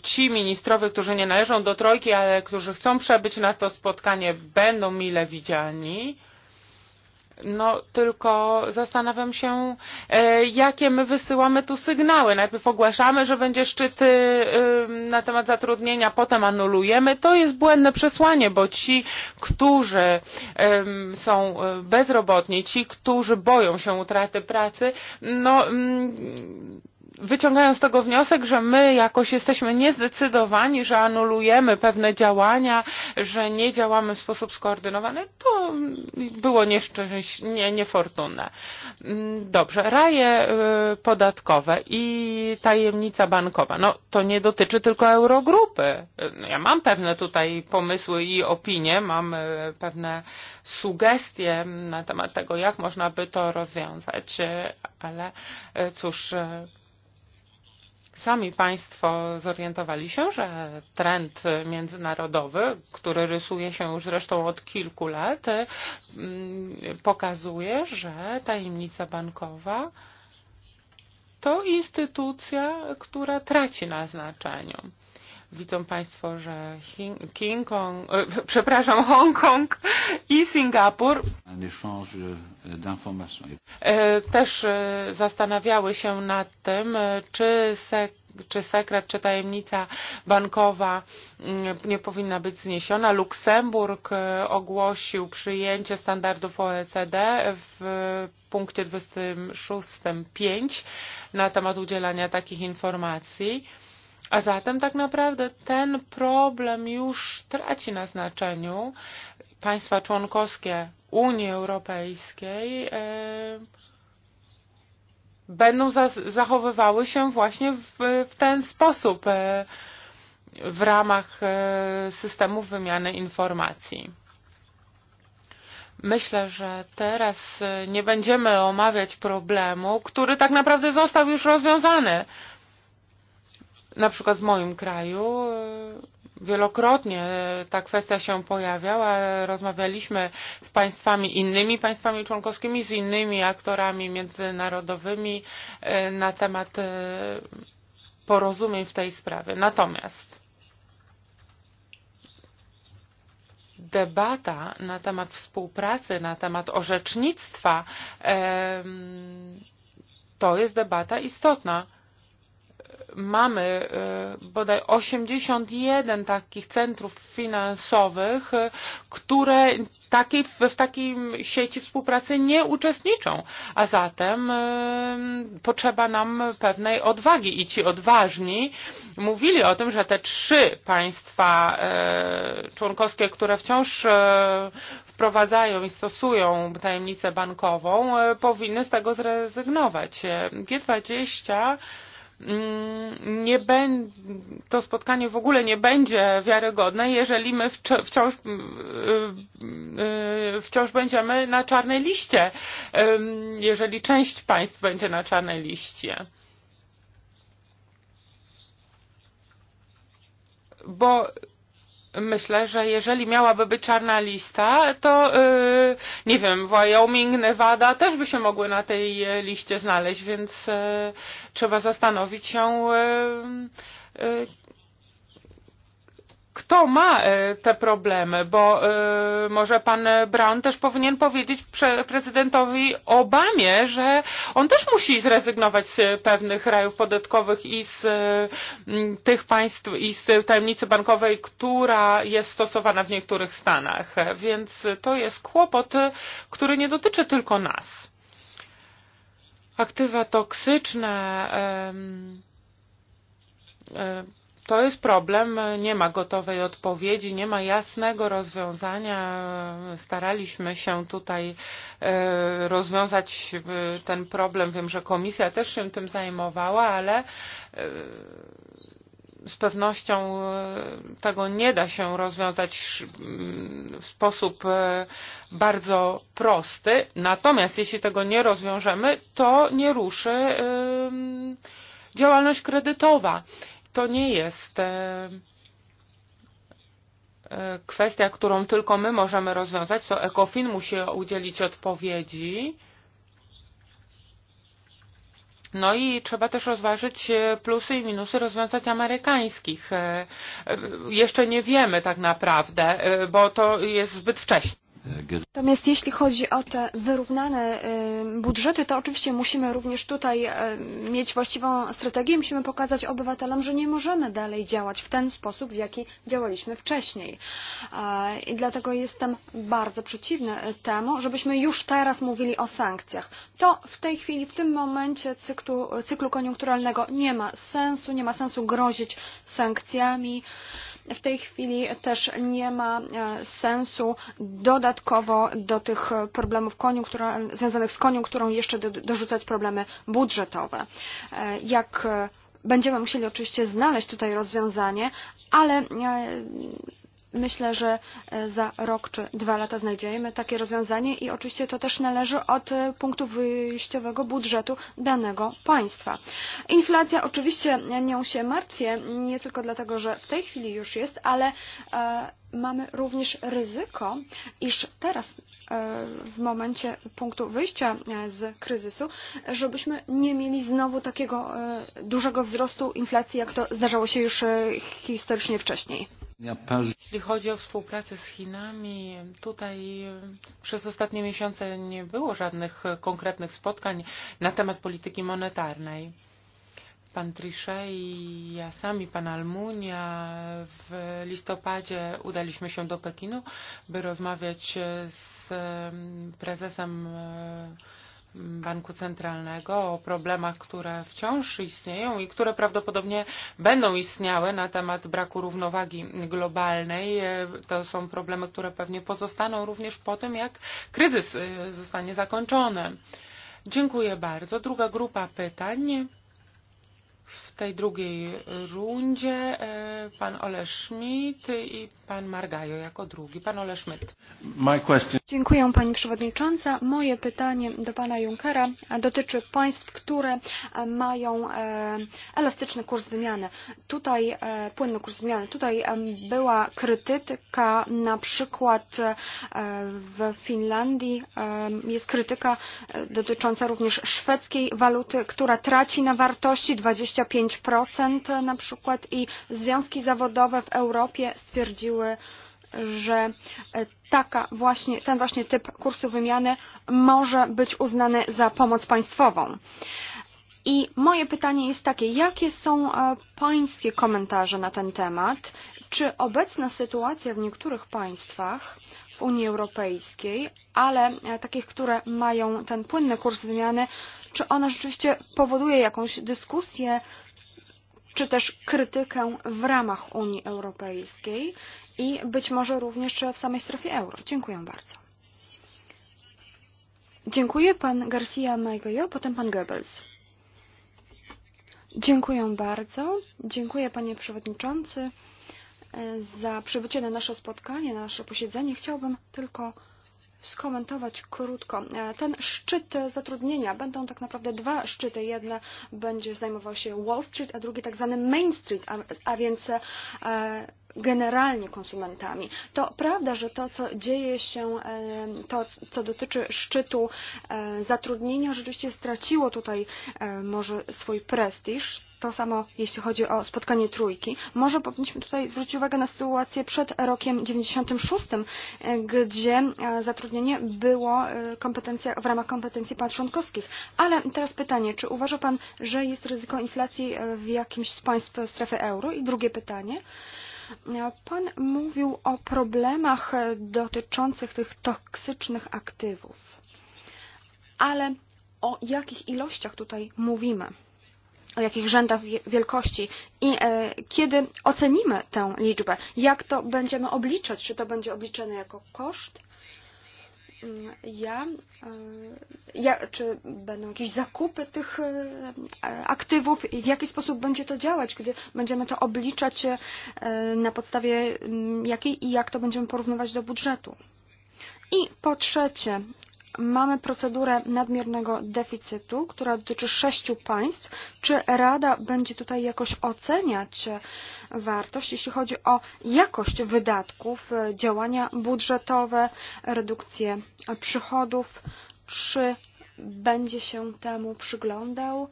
ci eh, eh, ministrowie, którzy nie należą do trojki, ale którzy chcą przebyć na to spotkanie, będą mile widziani. No tylko zastanawiam się, e, jakie my wysyłamy tu sygnały. Najpierw ogłaszamy, że będzie szczyt na temat zatrudnienia, potem anulujemy. To jest błędne przesłanie, bo ci, którzy są e, bezrobotni, ci, którzy boją się utraty pracy, no mm, wyciągają z tego wniosek, że my jakoś jesteśmy niezdecydowani, że anulujemy pewne działania, że nie działamy w sposób skoordynowany, to było nieszczęście, nie, niefortunne. Mm, dobrze, raje podatkowe i tajemnica bankowa. No to nie dotyczy tylko Eurogrupy. Ja mam pewne tutaj pomysły i opinie, mam pewne sugestie na temat tego, jak można by to rozwiązać, ale cóż, sami Państwo zorientowali się, że trend międzynarodowy, który rysuje się już zresztą od kilku lat, mm, pokazuje, że tajemnica bankowa to instytucja, która traci na znaczeniu. Widzą Państwo, że King Kong, e, <laughs> przepraszam, przepraszam, Hongkong i Singapur e, też e, zastanawiały się nad tym, czy sek czy sekret, czy tajemnica bankowa mm, nie powinna być zniesiona. Luksemburg e, ogłosił przyjęcie standardów OECD w punkcie 26.5 na temat udzielania takich informacji. A zatem tak naprawdę ten problem już traci na znaczeniu. Państwa członkowskie Unii Europejskiej yy, e, będą za zachowywały się właśnie w, w ten sposób e, w ramach e, systemów wymiany informacji. Myślę, że teraz e, nie będziemy omawiać problemu, który tak naprawdę został już rozwiązany na przykład w moim kraju wielokrotnie ta kwestia się pojawiała. Rozmawialiśmy z państwami innymi, państwami członkowskimi, z innymi aktorami międzynarodowymi e, na temat e, porozumień w tej sprawie. Natomiast debata na temat współpracy, na temat orzecznictwa to jest debata istotna mamy e, bodaj 81 takich centrów finansowych, e, które taki, w takiej sieci współpracy nie uczestniczą. A zatem y, e, potrzeba nam pewnej odwagi i ci odważni mówili o tym, że te trzy państwa y, członkowskie, które wciąż y, wprowadzają i stosują tajemnicę bankową, y, powinny z tego zrezygnować. G20 Mm, nie ben, to spotkanie w ogóle nie będzie wiarygodne, jeżeli my wci wciąż, mm, wciąż będziemy na czarnej liście, jeżeli część państw będzie na czarnej liście. Bo myślę, że jeżeli miałaby być czarna lista, to yy, e, nie wiem, Wyoming, Nevada też by się mogły na tej e, liście znaleźć, więc yy, e, trzeba zastanowić się, yy, kto ma e, te problemy, bo e, może pan Brown też powinien powiedzieć prezydentowi Obamie, że on też musi zrezygnować z pewnych rajów podatkowych i z tych państw i z tajemnicy bankowej, która jest stosowana w niektórych Stanach. Więc to jest kłopot, który nie dotyczy tylko nas. Aktywa toksyczne, to jest problem, nie ma gotowej odpowiedzi, nie ma jasnego rozwiązania. Staraliśmy się tutaj e, rozwiązać e, ten problem. Wiem, że komisja też się tym zajmowała, ale e, z pewnością tego nie da się rozwiązać w sposób bardzo prosty. Natomiast jeśli tego nie rozwiążemy, to nie ruszy działalność kredytowa to nie jest e, kwestia, którą tylko my możemy rozwiązać, to ECOFIN musi udzielić odpowiedzi. No i trzeba też rozważyć e, plusy i minusy rozwiązań amerykańskich. E, jeszcze nie wiemy tak naprawdę, bo to jest zbyt wcześnie. Natomiast jeśli chodzi o te wyrównane budżety, to oczywiście musimy również tutaj mieć właściwą strategię. Musimy pokazać obywatelom, że nie możemy dalej działać w ten sposób, w jaki działaliśmy wcześniej. I dlatego jestem bardzo przeciwny temu, żebyśmy już teraz mówili o sankcjach. To w tej chwili, w tym momencie cyklu, cyklu koniunkturalnego nie ma sensu. Nie ma sensu grozić sankcjami w tej chwili też nie ma e, sensu dodatkowo do tych problemów związanych z koniunkturą jeszcze do, dorzucać problemy budżetowe. E, jak e, będziemy musieli oczywiście znaleźć tutaj rozwiązanie, ale Myślę, że e, za rok czy dwa lata znajdziemy takie rozwiązanie i oczywiście to też należy od e, punktu wyjściowego budżetu danego państwa. Inflacja oczywiście nią się martwię, nie tylko dlatego, że w tej chwili już jest, ale e, mamy również ryzyko, iż teraz e, w momencie punktu wyjścia z kryzysu, żebyśmy nie mieli znowu takiego dużego wzrostu inflacji, jak to zdarzało się już historycznie wcześniej. Jeśli chodzi o współpracę z Chinami, tutaj przez ostatnie miesiące nie było żadnych konkretnych spotkań na temat polityki monetarnej. Pan Trichet i ja sami, pan Almunia w listopadzie udaliśmy się do Pekinu, by rozmawiać z prezesem Banku Centralnego o problemach, które wciąż istnieją i które prawdopodobnie będą istniały na temat braku równowagi globalnej. E, to są problemy, które pewnie pozostaną również po tym, jak kryzys e, zostanie zakończony. Dziękuję bardzo. Druga grupa pytań tej drugiej rundzie eh, pan Ole Schmidt i pan Margajo jako drugi. Pan Ole Schmidt. Dziękuję Pani Przewodnicząca. Moje pytanie do Pana Junckera dotyczy państw, które e, mają e, elastyczny kurs wymiany. Tutaj e, płynny kurs wymiany. Tutaj była krytyka na przykład w Finlandii jest krytyka dotycząca również szwedzkiej waluty, która traci na wartości 25 5% na przykład i związki zawodowe w Europie stwierdziły, że e, taka właśnie, ten właśnie typ kursu wymiany może być uznany za pomoc państwową. I moje pytanie jest takie, jakie są e, pańskie komentarze na ten temat? Czy obecna sytuacja w niektórych państwach w Unii Europejskiej, ale e, takich, które mają ten płynny kurs wymiany, czy ona rzeczywiście powoduje jakąś dyskusję czy też krytykę w ramach Unii Europejskiej i być może również w samej strefie euro. Dziękuję bardzo. Dziękuję pan Garcia Maigoyo, potem pan Goebbels. Dziękuję bardzo. Dziękuję panie przewodniczący e, za przybycie na nasze spotkanie, na nasze posiedzenie. Chciałbym tylko skomentować krótko. E, ten szczyt zatrudnienia, będą tak naprawdę dwa szczyty. Jedna będzie zajmował się Wall Street, a drugi tak zwany Main Street, a, a więc e, generalnie konsumentami. To prawda, że to, co dzieje się, e, to, co dotyczy szczytu e, zatrudnienia, rzeczywiście straciło tutaj może swój prestiż to samo, jeśli chodzi o spotkanie trójki. Może powinniśmy tutaj zwrócić uwagę na sytuację przed rokiem 96, gdzie e, zatrudnienie było e, kompetencja, w ramach kompetencji państw członkowskich. Ale teraz pytanie, czy uważa Pan, że jest ryzyko inflacji e, w jakimś z państw strefy euro? I drugie pytanie. Pan mówił o problemach dotyczących tych toksycznych aktywów. Ale o jakich ilościach tutaj mówimy? o jakich rzędach wielkości i e, kiedy ocenimy tę liczbę, jak to będziemy obliczać, czy to będzie obliczone jako koszt, mm, ja, e, ja, czy będą jakieś zakupy tych e, e, aktywów i w jaki sposób będzie to działać, gdy będziemy to obliczać na podstawie mm, jakiej i jak to będziemy porównywać do budżetu. I po trzecie, mamy procedurę nadmiernego deficytu, która dotyczy sześciu państw. Czy Rada będzie tutaj jakoś oceniać wartość, jeśli chodzi o jakość wydatków, działania budżetowe, redukcję przychodów? Czy będzie się temu przyglądał?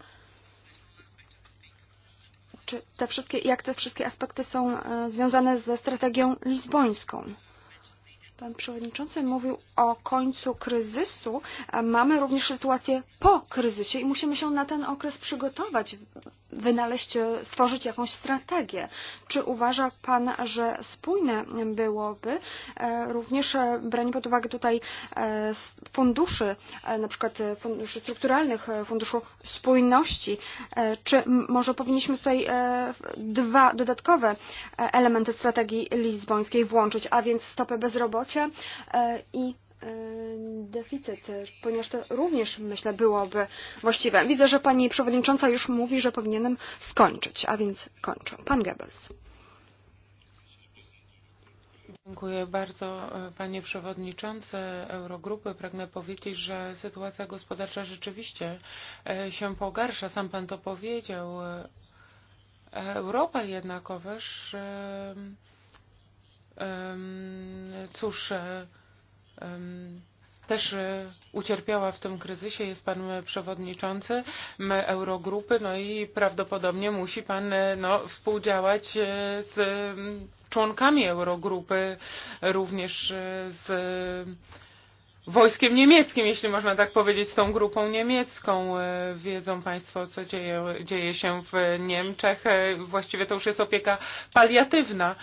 Czy te wszystkie, jak te wszystkie aspekty są e, związane ze strategią lizbońską? Pan przewodniczący mówił o końcu kryzysu. Mamy również sytuację po kryzysie i musimy się na ten okres przygotować, wynaleźć, stworzyć jakąś strategię. Czy uważa Pan, że spójne byłoby e, również e, branie pod uwagę tutaj e, funduszy, na przykład funduszy strukturalnych, funduszu spójności? Czy może powinniśmy tutaj dwa dodatkowe elementy strategii lizbońskiej włączyć, a więc stopę bezrobocia? bezrobocia e, i e, deficyt, ponieważ to również, myślę, byłoby właściwe. Widzę, że pani przewodnicząca już mówi, że powinienem skończyć, a więc kończę. Pan Goebbels. Dziękuję bardzo e, panie przewodniczący Eurogrupy. Pragnę powiedzieć, że sytuacja gospodarcza rzeczywiście się pogarsza. Sam pan to powiedział. Europa jednakowoż cóż, e, też e, ucierpiała w tym kryzysie, jest pan przewodniczący Eurogrupy, no i prawdopodobnie musi pan e, no, współdziałać z członkami Eurogrupy, również z wojskiem niemieckim, jeśli można tak powiedzieć, z tą grupą niemiecką. Wiedzą Państwo, co dzieje, dzieje się w Niemczech. Właściwie to już jest opieka paliatywna.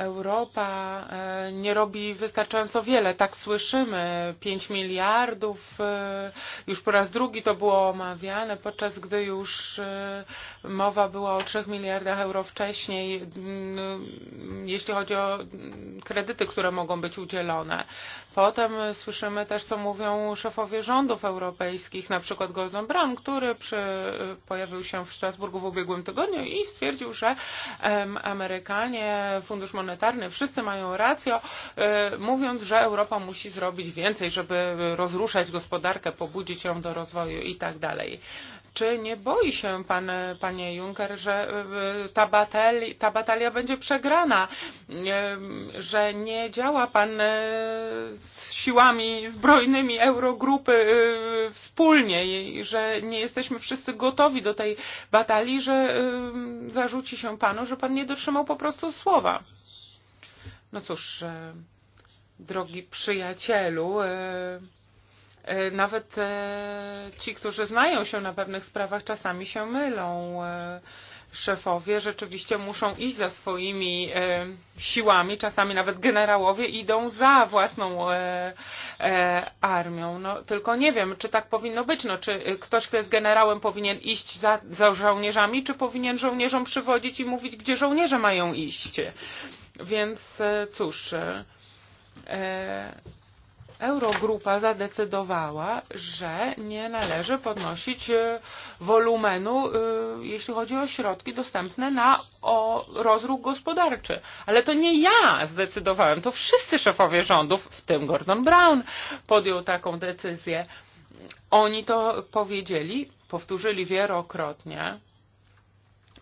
Europa e, nie robi wystarczająco wiele. Tak słyszymy. 5 miliardów e, już po raz drugi to było omawiane, podczas gdy już e, mowa była o 3 miliardach euro wcześniej, jeśli chodzi o kredyty, które mogą być udzielone. Potem słyszymy też, co mówią szefowie rządów europejskich, na przykład Gordon Brown, który przy, pojawił się w Strasburgu w ubiegłym tygodniu i stwierdził, że em, Amerykanie, Fundusz Monetarny, wszyscy mają rację, e, mówiąc, że Europa musi zrobić więcej, żeby rozruszać gospodarkę, pobudzić ją do rozwoju i tak dalej. Czy nie boi się pan, panie Juncker, że e, ta, batali, ta batalia będzie przegrana, e, że nie działa pan e, z siłami zbrojnymi Eurogrupy wspólnie i że nie jesteśmy wszyscy gotowi do tej batalii, że zarzuci się panu, że pan nie dotrzymał po prostu słowa? No cóż, drogi przyjacielu, E, nawet e, ci, którzy znają się na pewnych sprawach, czasami się mylą. E, szefowie rzeczywiście muszą iść za swoimi siłami, czasami nawet generałowie idą za własną armią. No, tylko nie wiem, czy tak powinno być. No, czy ktoś, kto jest generałem, powinien iść za, za żołnierzami, czy powinien żołnierzom przywodzić i mówić, gdzie żołnierze mają iść. Więc cóż. E, Eurogrupa zadecydowała, że nie należy podnosić wolumenu, e, e, jeśli chodzi o środki dostępne na o rozruch gospodarczy. Ale to nie ja zdecydowałem, to wszyscy szefowie rządów, w tym Gordon Brown, podjął taką decyzję. Oni to powiedzieli, powtórzyli wielokrotnie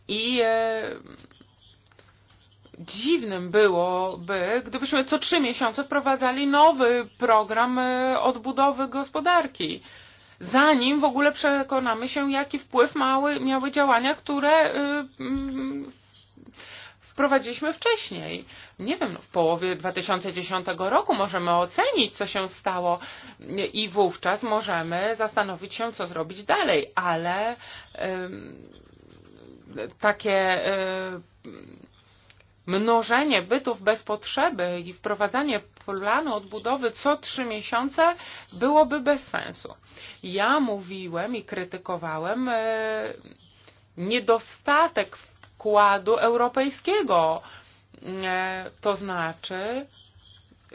i e, dziwnym byłoby, gdybyśmy co trzy miesiące wprowadzali nowy program e, odbudowy gospodarki, zanim w ogóle przekonamy się, jaki wpływ mały, miały działania, które e, mm, wprowadziliśmy wcześniej. Nie wiem, no, w połowie 2010 roku możemy ocenić, co się stało i wówczas możemy zastanowić się, co zrobić dalej, ale takie e, mnożenie bytów bez potrzeby i wprowadzanie planu odbudowy co trzy miesiące byłoby bez sensu. Ja mówiłem i krytykowałem e, niedostatek wkładu europejskiego. E, to znaczy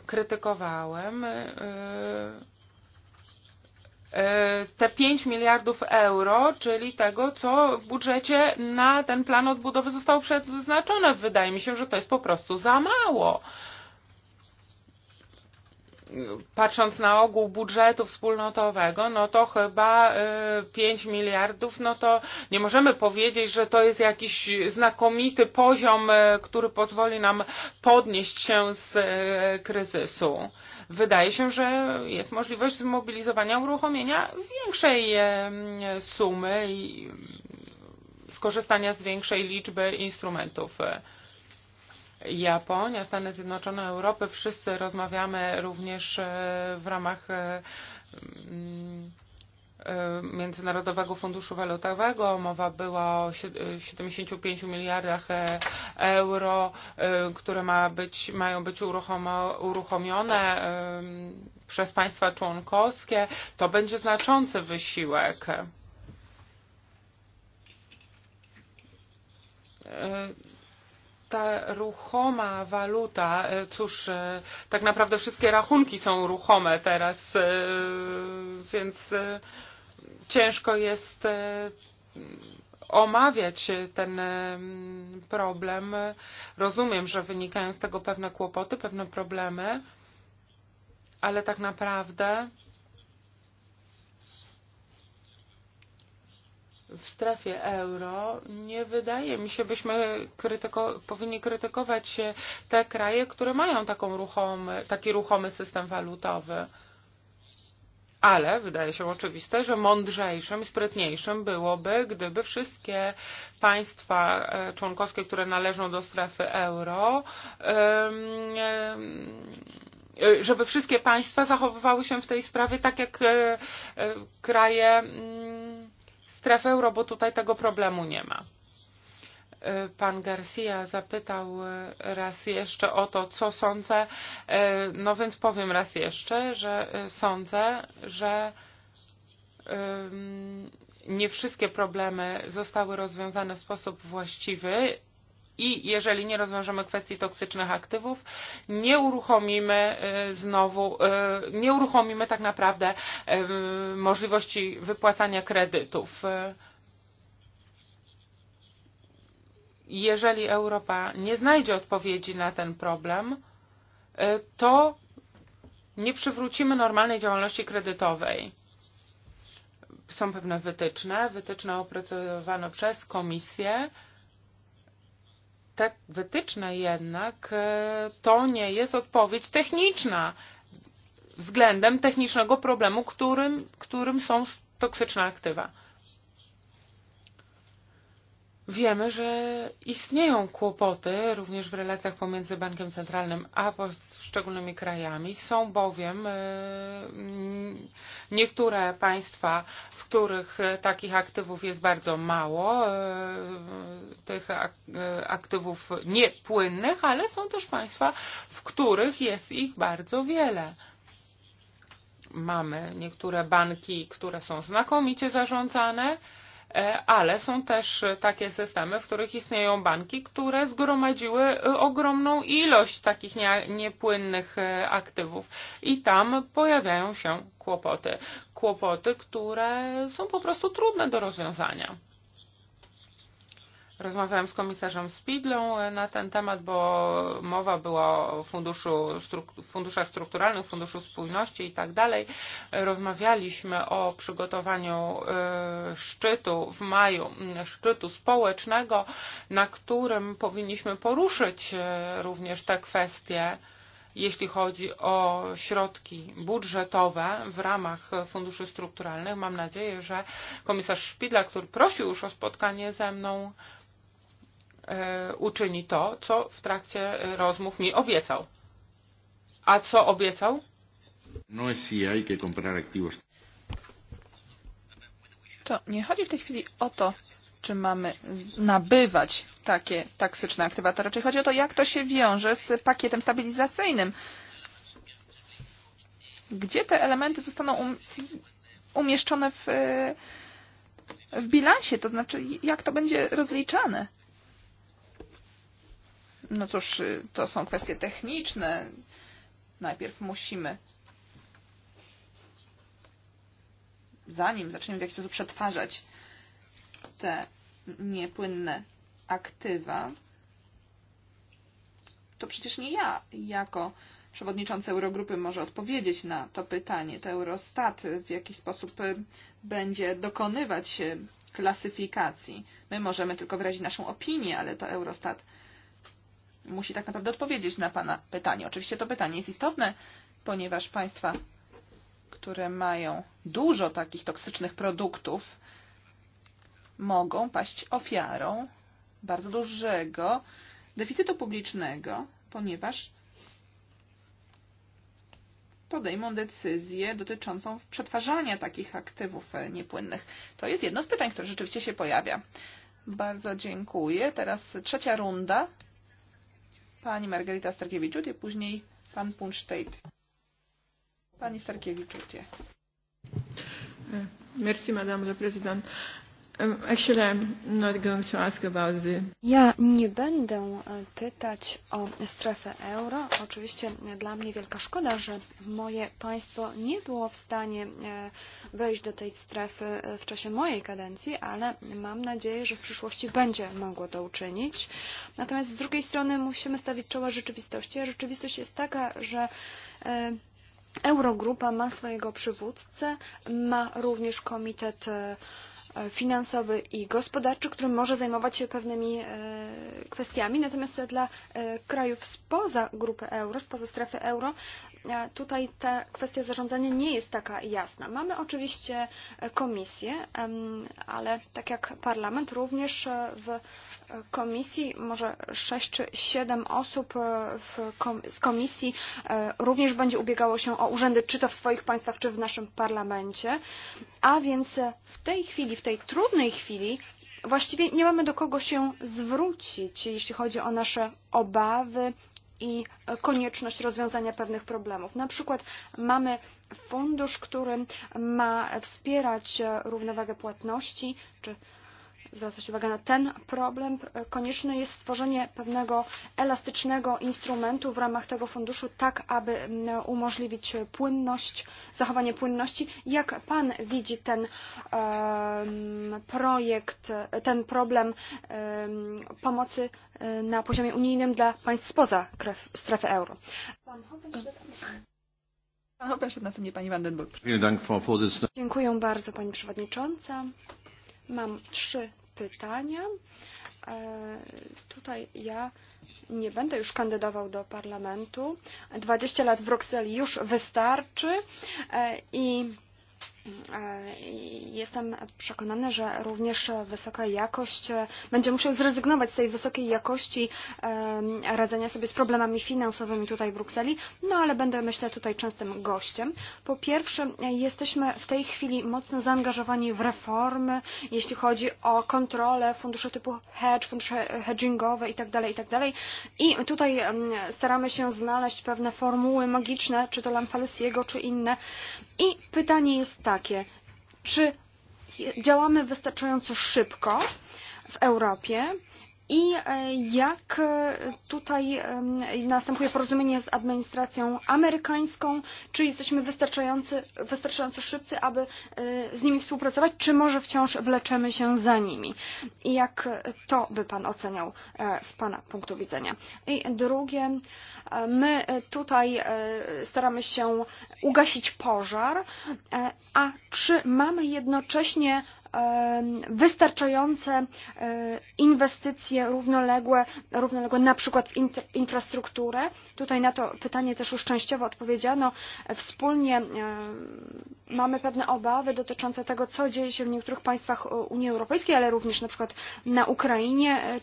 krytykowałem e, E, te 5 miliardów euro, czyli tego, co w budżecie na ten plan odbudowy zostało przeznaczone. Wydaje mi się, że to jest po prostu za mało. Patrząc na ogół budżetu wspólnotowego, no to chyba 5 e, miliardów, no to nie możemy powiedzieć, że to jest jakiś znakomity poziom, e, który pozwoli nam podnieść się z kryzysu. Wydaje się, że jest możliwość zmobilizowania uruchomienia większej sumy i skorzystania z większej liczby instrumentów. Japonia, Stany Zjednoczone, Europy, wszyscy rozmawiamy również e, w ramach e, Międzynarodowego Funduszu Walutowego. Mowa była o 75 miliardach e, euro, e, które ma być, mają być uruchomione e, przez państwa członkowskie. To będzie znaczący wysiłek ta ruchoma waluta, e, cóż, e, tak naprawdę wszystkie rachunki są ruchome teraz, e, więc ciężko jest omawiać ten problem. Rozumiem, że wynikają z tego pewne kłopoty, pewne problemy, ale tak naprawdę w strefie euro, nie wydaje mi się, byśmy krytyko powinni krytykować te kraje, które mają taką ruchomy, taki ruchomy system walutowy. Ale wydaje się oczywiste, że mądrzejszym i sprytniejszym byłoby, gdyby wszystkie państwa członkowskie, e, które należą do strefy euro, żeby e, wszystkie państwa zachowywały się w tej sprawie tak jak e, kraje mm, stref euro, bo tutaj tego problemu nie ma. Pan Garcia zapytał e, raz jeszcze o to, co sądzę. E, no więc powiem raz jeszcze, że e, sądzę, że nie wszystkie problemy zostały rozwiązane w sposób właściwy i jeżeli nie rozwiążemy kwestii toksycznych aktywów, nie uruchomimy e, znowu, e, nie uruchomimy tak naprawdę e, możliwości wypłacania kredytów. Jeżeli Europa nie znajdzie odpowiedzi na ten problem, to nie przywrócimy normalnej działalności kredytowej. Są pewne wytyczne. Wytyczne opracowywane przez Komisję tak wytyczne jednak e, to nie jest odpowiedź techniczna względem technicznego problemu, którym, którym są toksyczne aktywa. Wiemy, że istnieją kłopoty również w relacjach pomiędzy Bankiem Centralnym a poszczególnymi krajami. Są bowiem e, niektóre państwa, w których takich aktywów jest bardzo mało, e, tych aktywów e, niepłynnych, ale są też państwa, w których jest ich bardzo wiele mamy niektóre banki, które są znakomicie zarządzane, E, ale są też takie systemy, w których istnieją banki, które zgromadziły e, ogromną ilość takich niepłynnych e, aktywów i tam pojawiają się kłopoty. Kłopoty, które są po prostu trudne do rozwiązania. Rozmawiałam z komisarzem Spidlą eh, na ten temat, bo mowa była o funduszu, funduszach strukturalnych, funduszu spójności i tak dalej. Rozmawialiśmy o przygotowaniu eh, szczytu w maju, mm, szczytu społecznego, na którym powinniśmy poruszyć eh, również te kwestie jeśli chodzi o środki budżetowe w ramach funduszy strukturalnych. Mam nadzieję, że komisarz Szpidla, który prosił już o spotkanie ze mną, E, uczyni to, co w trakcie rozmów mi obiecał. A co obiecał? No es si hay que comprar activos. To nie chodzi w tej chwili o to, czy mamy nabywać takie taksyczne aktywa, to raczej chodzi o to, jak to się wiąże z pakietem stabilizacyjnym. Gdzie te elementy zostaną um, umieszczone w, e, w bilansie, to znaczy jak to będzie rozliczane? No cóż, to są kwestie techniczne. Najpierw musimy, zanim zaczniemy w jakiś sposób przetwarzać te niepłynne aktywa, to przecież nie ja jako przewodniczący Eurogrupy może odpowiedzieć na to pytanie. To Eurostat w jakiś sposób będzie dokonywać klasyfikacji. My możemy tylko wyrazić naszą opinię, ale to Eurostat musi tak naprawdę odpowiedzieć na Pana pytanie. Oczywiście to pytanie jest istotne, ponieważ państwa, które mają dużo takich toksycznych produktów, mogą paść ofiarą bardzo dużego deficytu publicznego, ponieważ podejmą decyzję dotyczącą przetwarzania takich aktywów niepłynnych. To jest jedno z pytań, które rzeczywiście się pojawia. Bardzo dziękuję. Teraz trzecia runda Pani Margarita Starkiewiczutė, później pan Punsztejt. Pani Starkiewiczutė. Eh, merci, madame la présidente. Um, ja nie będę e, pytać o strefę euro. Oczywiście dla mnie wielka szkoda, że moje państwo nie było w stanie e, wejść do tej strefy e, w czasie mojej kadencji, ale mam nadzieję, że w przyszłości będzie mogło to uczynić. Natomiast z drugiej strony musimy stawić czoła rzeczywistości, a rzeczywistość jest taka, że Eurogrupa ma swojego przywódcę, ma również komitet finansowy i gospodarczy, który może zajmować się pewnymi e, kwestiami. Natomiast dla e, krajów spoza grupy euro, spoza strefy euro, e, tutaj ta kwestia zarządzania nie jest taka jasna. Mamy oczywiście komisję, ale tak jak parlament również w komisji, może sześć czy siedem osób e, kom z komisji e, również będzie ubiegało się o urzędy, czy to w swoich państwach, czy w naszym parlamencie. A więc e, w tej chwili, w tej trudnej chwili właściwie nie mamy do kogo się zwrócić, jeśli chodzi o nasze obawy i konieczność rozwiązania pewnych problemów. Na przykład mamy fundusz, który ma wspierać równowagę płatności czy Zwracać uwagę na ten problem, konieczne jest stworzenie pewnego elastycznego instrumentu w ramach tego funduszu, tak aby mm, umożliwić płynność, zachowanie płynności. Jak Pan widzi ten projekt, ten problem pomocy e, na poziomie unijnym dla państw spoza strefy euro? Pan Pan Hoppenstedt, następnie Pani Vandenburg. Dziękuję bardzo Pani Przewodnicząca. Mam trzy pytania. E, tutaj ja nie będę już kandydował do parlamentu. 20 lat w Brukseli już wystarczy e, i Jestem przekonana, że również wysoka jakość e, będzie musiał zrezygnować z tej wysokiej jakości e, radzenia sobie z problemami finansowymi tutaj w Brukseli, no ale będę myślę tutaj częstym gościem. Po pierwsze, e, jesteśmy w tej chwili mocno zaangażowani w reformy, jeśli chodzi o kontrolę funduszy typu hedge, fundusze hedgingowe itd. itd. I tutaj staramy się znaleźć pewne formuły magiczne, czy to Lamfalusiego, czy inne i pytanie jest takie, czy działamy wystarczająco szybko w Europie, i e, jak e, tutaj e, następuje porozumienie z administracją amerykańską? Czy jesteśmy wystarczająco szybcy, aby z nimi współpracować, czy może wciąż wleczemy się za nimi? I jak to by Pan oceniał z Pana punktu widzenia? I drugie, my tutaj staramy się ugasić pożar, a czy mamy jednocześnie wystarczające inwestycje równoległe, równoległe na przykład w infrastrukturę. Tutaj na to pytanie też już częściowo odpowiedziano. Wspólnie mamy pewne obawy dotyczące tego, co dzieje się w niektórych państwach e, Unii Europejskiej, ale również na przykład na Ukrainie. E,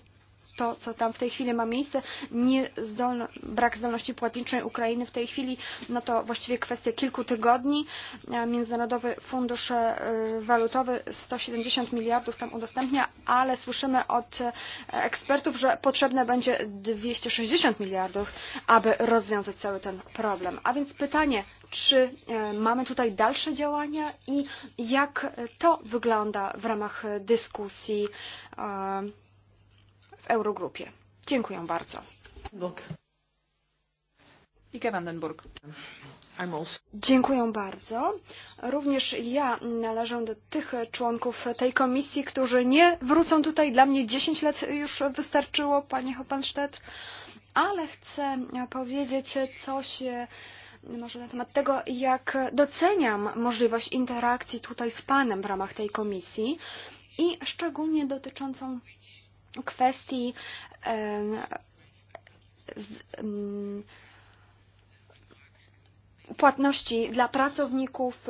to, co tam w tej chwili ma miejsce, niezdolno, brak zdolności płatniczej Ukrainy w tej chwili, no to właściwie kwestia kilku tygodni. E, Międzynarodowy Fundusz e, Walutowy 170 miliardów tam udostępnia, ale słyszymy od e, ekspertów, że potrzebne będzie 260 miliardów, aby rozwiązać cały ten problem. A więc pytanie, czy mamy tutaj dalsze działania i jak to wygląda w ramach dyskusji? Um w Eurogrupie. Dziękuję bardzo. Ike Vandenburg. Dziękuję bardzo. Również ja należę do tych członków tej komisji, którzy nie wrócą tutaj. Dla mnie 10 lat już wystarczyło, panie Hoppenstedt. Ale chcę powiedzieć coś e, może na temat tego, jak doceniam możliwość interakcji tutaj z panem w ramach tej komisji i szczególnie dotyczącą kwestii płatności dla pracowników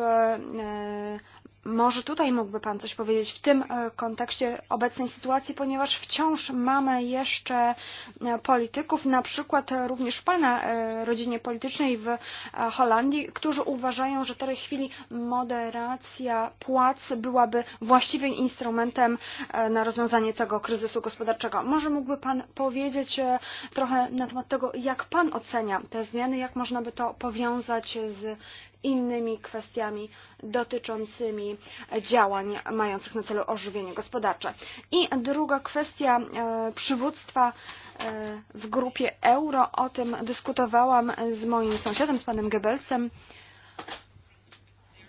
Może tutaj mógłby Pan coś powiedzieć w tym e, kontekście obecnej sytuacji, ponieważ wciąż mamy jeszcze e, polityków, na przykład e, również w Pana rodzinie politycznej w Holandii, którzy uważają, że w tej chwili moderacja płac byłaby właściwym instrumentem na rozwiązanie tego kryzysu gospodarczego. Może mógłby Pan powiedzieć trochę na temat tego, jak Pan ocenia te zmiany, jak można by to powiązać z innymi kwestiami dotyczącymi działań mających na celu ożywienie gospodarcze. I druga kwestia e, przywództwa e, w grupie euro. O tym dyskutowałam z moim sąsiadem, z panem Goebbelsem.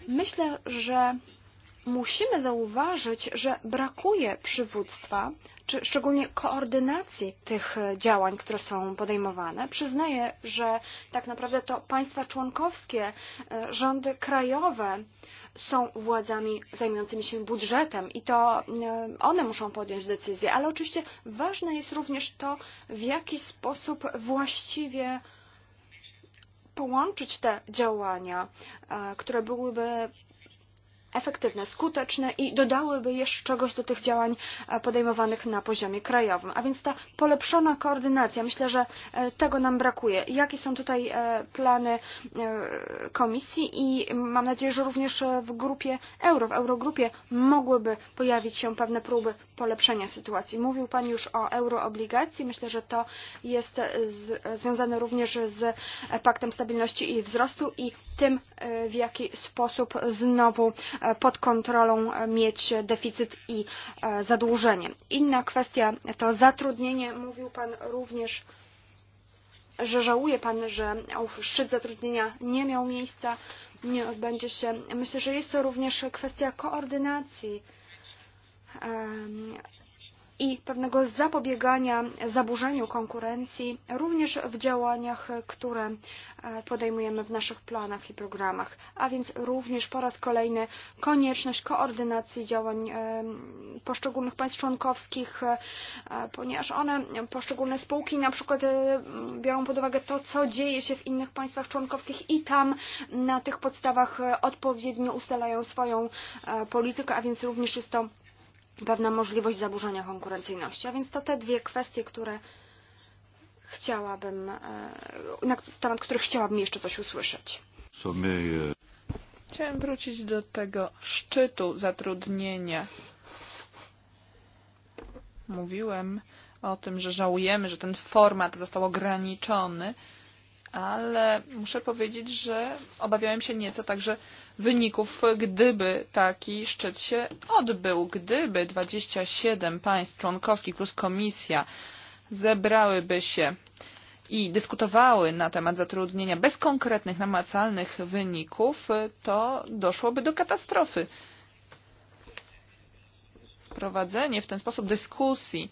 Myślę, że musimy zauważyć, że brakuje przywództwa czy szczególnie koordynacji tych działań, które są podejmowane. Przyznaję, że tak naprawdę to państwa członkowskie, e, rządy krajowe są władzami zajmującymi się budżetem i to e, one muszą podjąć decyzję, ale oczywiście ważne jest również to, w jaki sposób właściwie połączyć te działania, e, które byłyby efektywne, skuteczne i dodałyby jeszcze czegoś do tych działań eh, podejmowanych na poziomie krajowym. A więc ta polepszona koordynacja, myślę, że eh, tego nam brakuje. Jakie są tutaj eh, plany komisji i mam nadzieję, że również w grupie euro, w eurogrupie mogłyby pojawić się pewne próby polepszenia sytuacji. Mówił Pan już o euroobligacji. Myślę, że to jest związane również z Paktem Stabilności i Wzrostu i tym, w jaki sposób znowu pod kontrolą mieć deficyt i e, zadłużenie. Inna kwestia to zatrudnienie. Mówił Pan również, że żałuje Pan, że szczyt zatrudnienia nie miał miejsca, nie odbędzie się. Myślę, że jest to również kwestia koordynacji i pewnego zapobiegania zaburzeniu konkurencji, również w działaniach, które e, podejmujemy w naszych planach i programach, a więc również po raz kolejny konieczność koordynacji działań e, poszczególnych państw członkowskich, e, ponieważ one, poszczególne spółki na przykład biorą pod uwagę to, co dzieje się w innych państwach członkowskich i tam na tych podstawach odpowiednio ustalają swoją politykę, a więc również jest to pewna możliwość zaburzenia konkurencyjności. A więc to te dwie kwestie, które chciałabym, e, na temat których chciałabym jeszcze coś usłyszeć. E, Chciałem wrócić do tego szczytu zatrudnienia. Mówiłem o tym, że żałujemy, że ten format został ograniczony, ale muszę powiedzieć, że obawiałem się nieco także wyników, gdyby taki szczyt się odbył, gdyby 27 państw członkowskich plus komisja zebrałyby się i dyskutowały na temat zatrudnienia bez konkretnych, namacalnych wyników, to doszłoby do katastrofy. Wprowadzenie w ten sposób dyskusji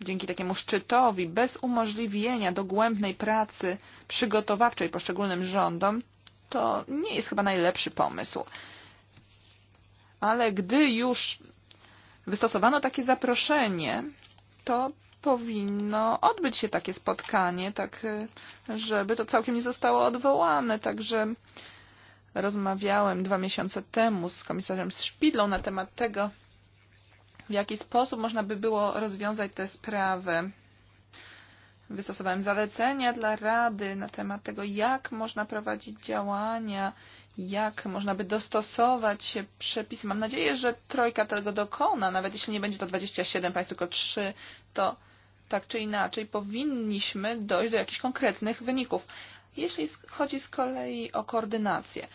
dzięki takiemu szczytowi, bez umożliwienia dogłębnej pracy przygotowawczej poszczególnym rządom, to nie jest chyba najlepszy pomysł. Ale gdy już wystosowano takie zaproszenie, to powinno odbyć się takie spotkanie, tak żeby to całkiem nie zostało odwołane. Także rozmawiałem dwa miesiące temu z komisarzem Szpidlą na temat tego, w jaki sposób można by było rozwiązać tę sprawę wystosowałem zalecenia dla Rady na temat tego, jak można prowadzić działania, jak można by dostosować się przepisy. Mam nadzieję, że Trojka tego dokona, nawet jeśli nie będzie to 27 państw, tylko 3, to tak czy inaczej powinniśmy dojść do jakichś konkretnych wyników. Jeśli chodzi z kolei o koordynację,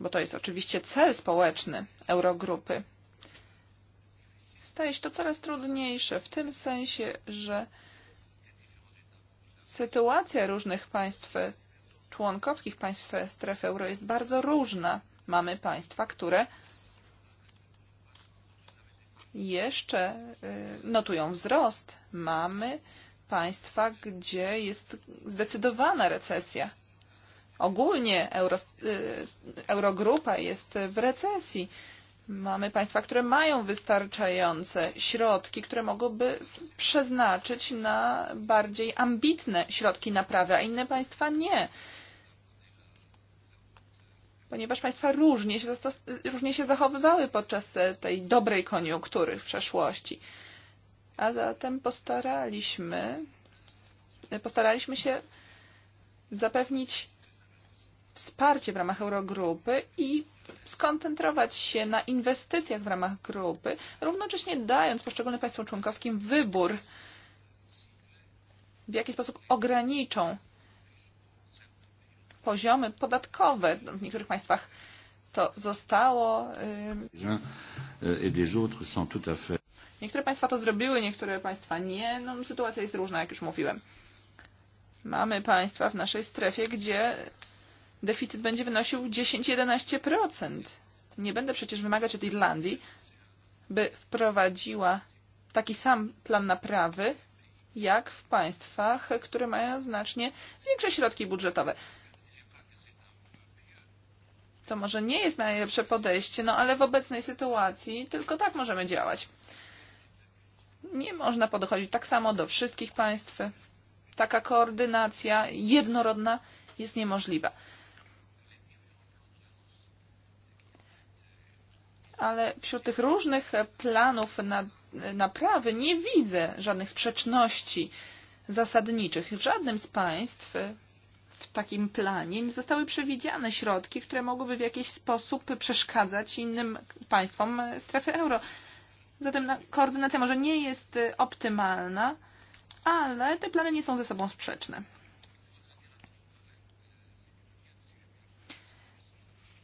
bo to jest oczywiście cel społeczny Eurogrupy, staje się to coraz trudniejsze w tym sensie, że sytuacja różnych państw członkowskich, państw strefy euro jest bardzo różna. Mamy państwa, które jeszcze notują wzrost. Mamy państwa, gdzie jest zdecydowana recesja. Ogólnie euro, Eurogrupa jest w recesji. Mamy państwa, które mają wystarczające środki, które mogłyby przeznaczyć na bardziej ambitne środki naprawy, a inne państwa nie. Ponieważ państwa różnie się, różnie się zachowywały podczas e, tej dobrej koniunktury w przeszłości. A zatem postaraliśmy, e, postaraliśmy się zapewnić wsparcie w ramach Eurogrupy i skoncentrować się na inwestycjach w ramach grupy, równocześnie dając poszczególnym państwom członkowskim wybór, w jaki sposób ograniczą poziomy podatkowe. W niektórych państwach to zostało. Niektóre państwa to zrobiły, niektóre państwa nie. No, sytuacja jest różna, jak już mówiłem. Mamy państwa w naszej strefie, gdzie deficyt będzie wynosił 10-11%. Nie będę przecież wymagać od Irlandii, by wprowadziła taki sam plan naprawy, jak w państwach, które mają znacznie większe środki budżetowe. To może nie jest najlepsze podejście, no ale w obecnej sytuacji tylko tak możemy działać. Nie można podchodzić tak samo do wszystkich państw. Taka koordynacja jednorodna jest niemożliwa. ale wśród tych różnych planów na, naprawy nie widzę żadnych sprzeczności zasadniczych. W żadnym z państw w takim planie nie zostały przewidziane środki, które mogłyby w jakiś sposób przeszkadzać innym państwom strefy euro. Zatem koordynacja może nie jest optymalna, ale te plany nie są ze sobą sprzeczne.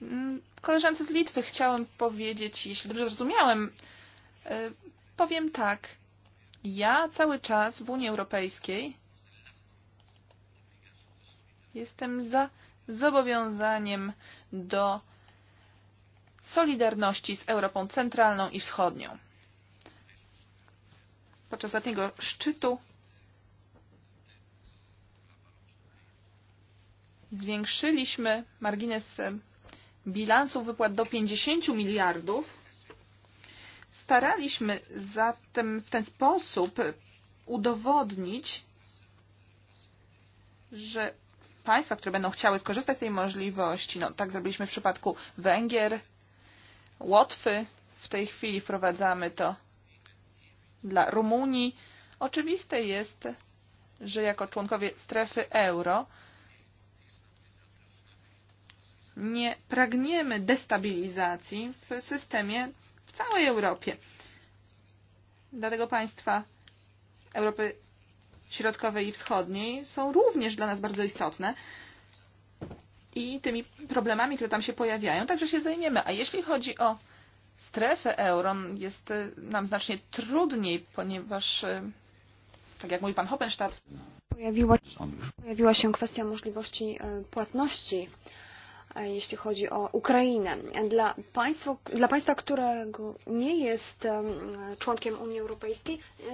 Mm, Koleżance z Litwy chciałem powiedzieć, jeśli dobrze zrozumiałem, e, powiem tak. Ja cały czas w Unii Europejskiej jestem za zobowiązaniem do solidarności z Europą Centralną i Wschodnią. Podczas ostatniego szczytu zwiększyliśmy margines e, bilansu wypłat do 50 miliardów. Staraliśmy zatem w ten sposób udowodnić, że państwa, które będą chciały skorzystać z tej możliwości, no tak zrobiliśmy w przypadku Węgier, Łotwy, w tej chwili wprowadzamy to dla Rumunii. Oczywiste jest, że jako członkowie strefy euro nie pragniemy destabilizacji w systemie w całej Europie. Dlatego państwa Europy Środkowej i Wschodniej są również dla nas bardzo istotne i tymi problemami, które tam się pojawiają, także się zajmiemy. A jeśli chodzi o strefę euro, jest nam znacznie trudniej, ponieważ, e, tak jak mówi pan Hoppenstadt, pojawiła, pojawiła się kwestia możliwości e, płatności jeśli chodzi o Ukrainę. Dla, państwo, dla państwa, którego nie jest członkiem Unii Europejskiej, e,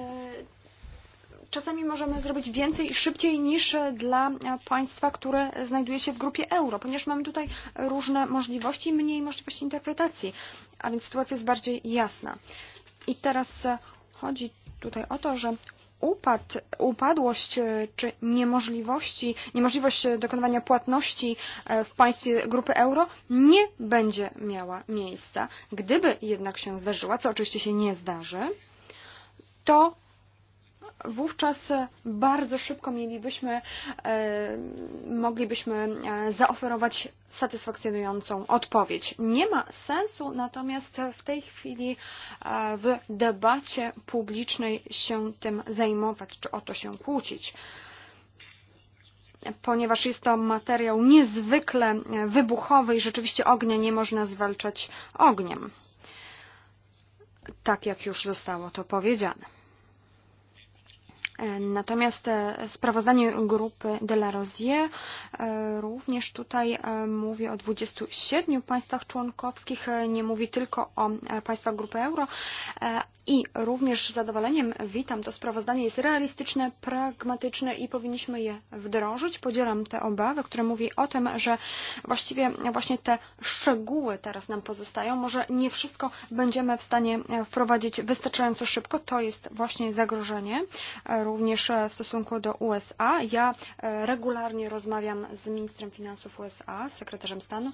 czasami możemy zrobić więcej i szybciej niż e, dla e, państwa, które znajduje się w grupie euro, ponieważ mamy tutaj różne możliwości, mniej możliwości interpretacji, a więc sytuacja jest bardziej jasna. I teraz chodzi tutaj o to, że upad, upadłość e, czy niemożliwości, niemożliwość e, dokonywania płatności e, w państwie grupy euro nie będzie miała miejsca. Gdyby jednak się zdarzyła, co oczywiście się nie zdarzy, to wówczas bardzo szybko mielibyśmy, e, moglibyśmy e, zaoferować satysfakcjonującą odpowiedź. Nie ma sensu natomiast w tej chwili e, w debacie publicznej się tym zajmować czy o to się kłócić ponieważ jest to materiał niezwykle wybuchowy i rzeczywiście ognia nie można zwalczać ogniem, tak jak już zostało to powiedziane. Natomiast e, sprawozdanie grupy de la Rosier e, również tutaj e, mówi o 27 państwach członkowskich, nie mówi tylko o państwach grupy euro i również z zadowoleniem witam to sprawozdanie. Jest realistyczne, pragmatyczne i powinniśmy je wdrożyć. Podzielam te obawy, które mówi o tym, że właściwie właśnie te szczegóły teraz nam pozostają. Może nie wszystko będziemy w stanie wprowadzić wystarczająco szybko. To jest właśnie zagrożenie również w eh, stosunku do USA. Ja eh, regularnie rozmawiam z ministrem finansów USA, z sekretarzem stanu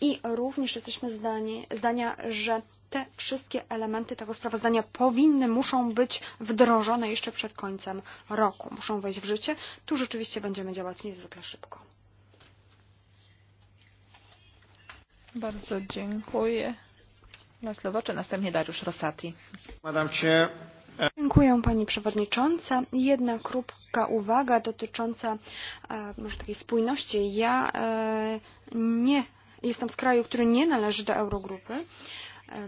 i również jesteśmy zdanie, zdania, że te wszystkie elementy tego sprawozdania powinny, muszą być wdrożone jeszcze przed końcem roku. Muszą wejść w życie. Tu rzeczywiście będziemy działać niezwykle szybko. Bardzo dziękuję. słowo, czy następnie Dariusz Rosati. Madam Cię. Dziękuję Pani Przewodnicząca. Jedna krótka uwaga dotycząca e, może takiej spójności. Ja e, nie jestem z kraju, który nie należy do Eurogrupy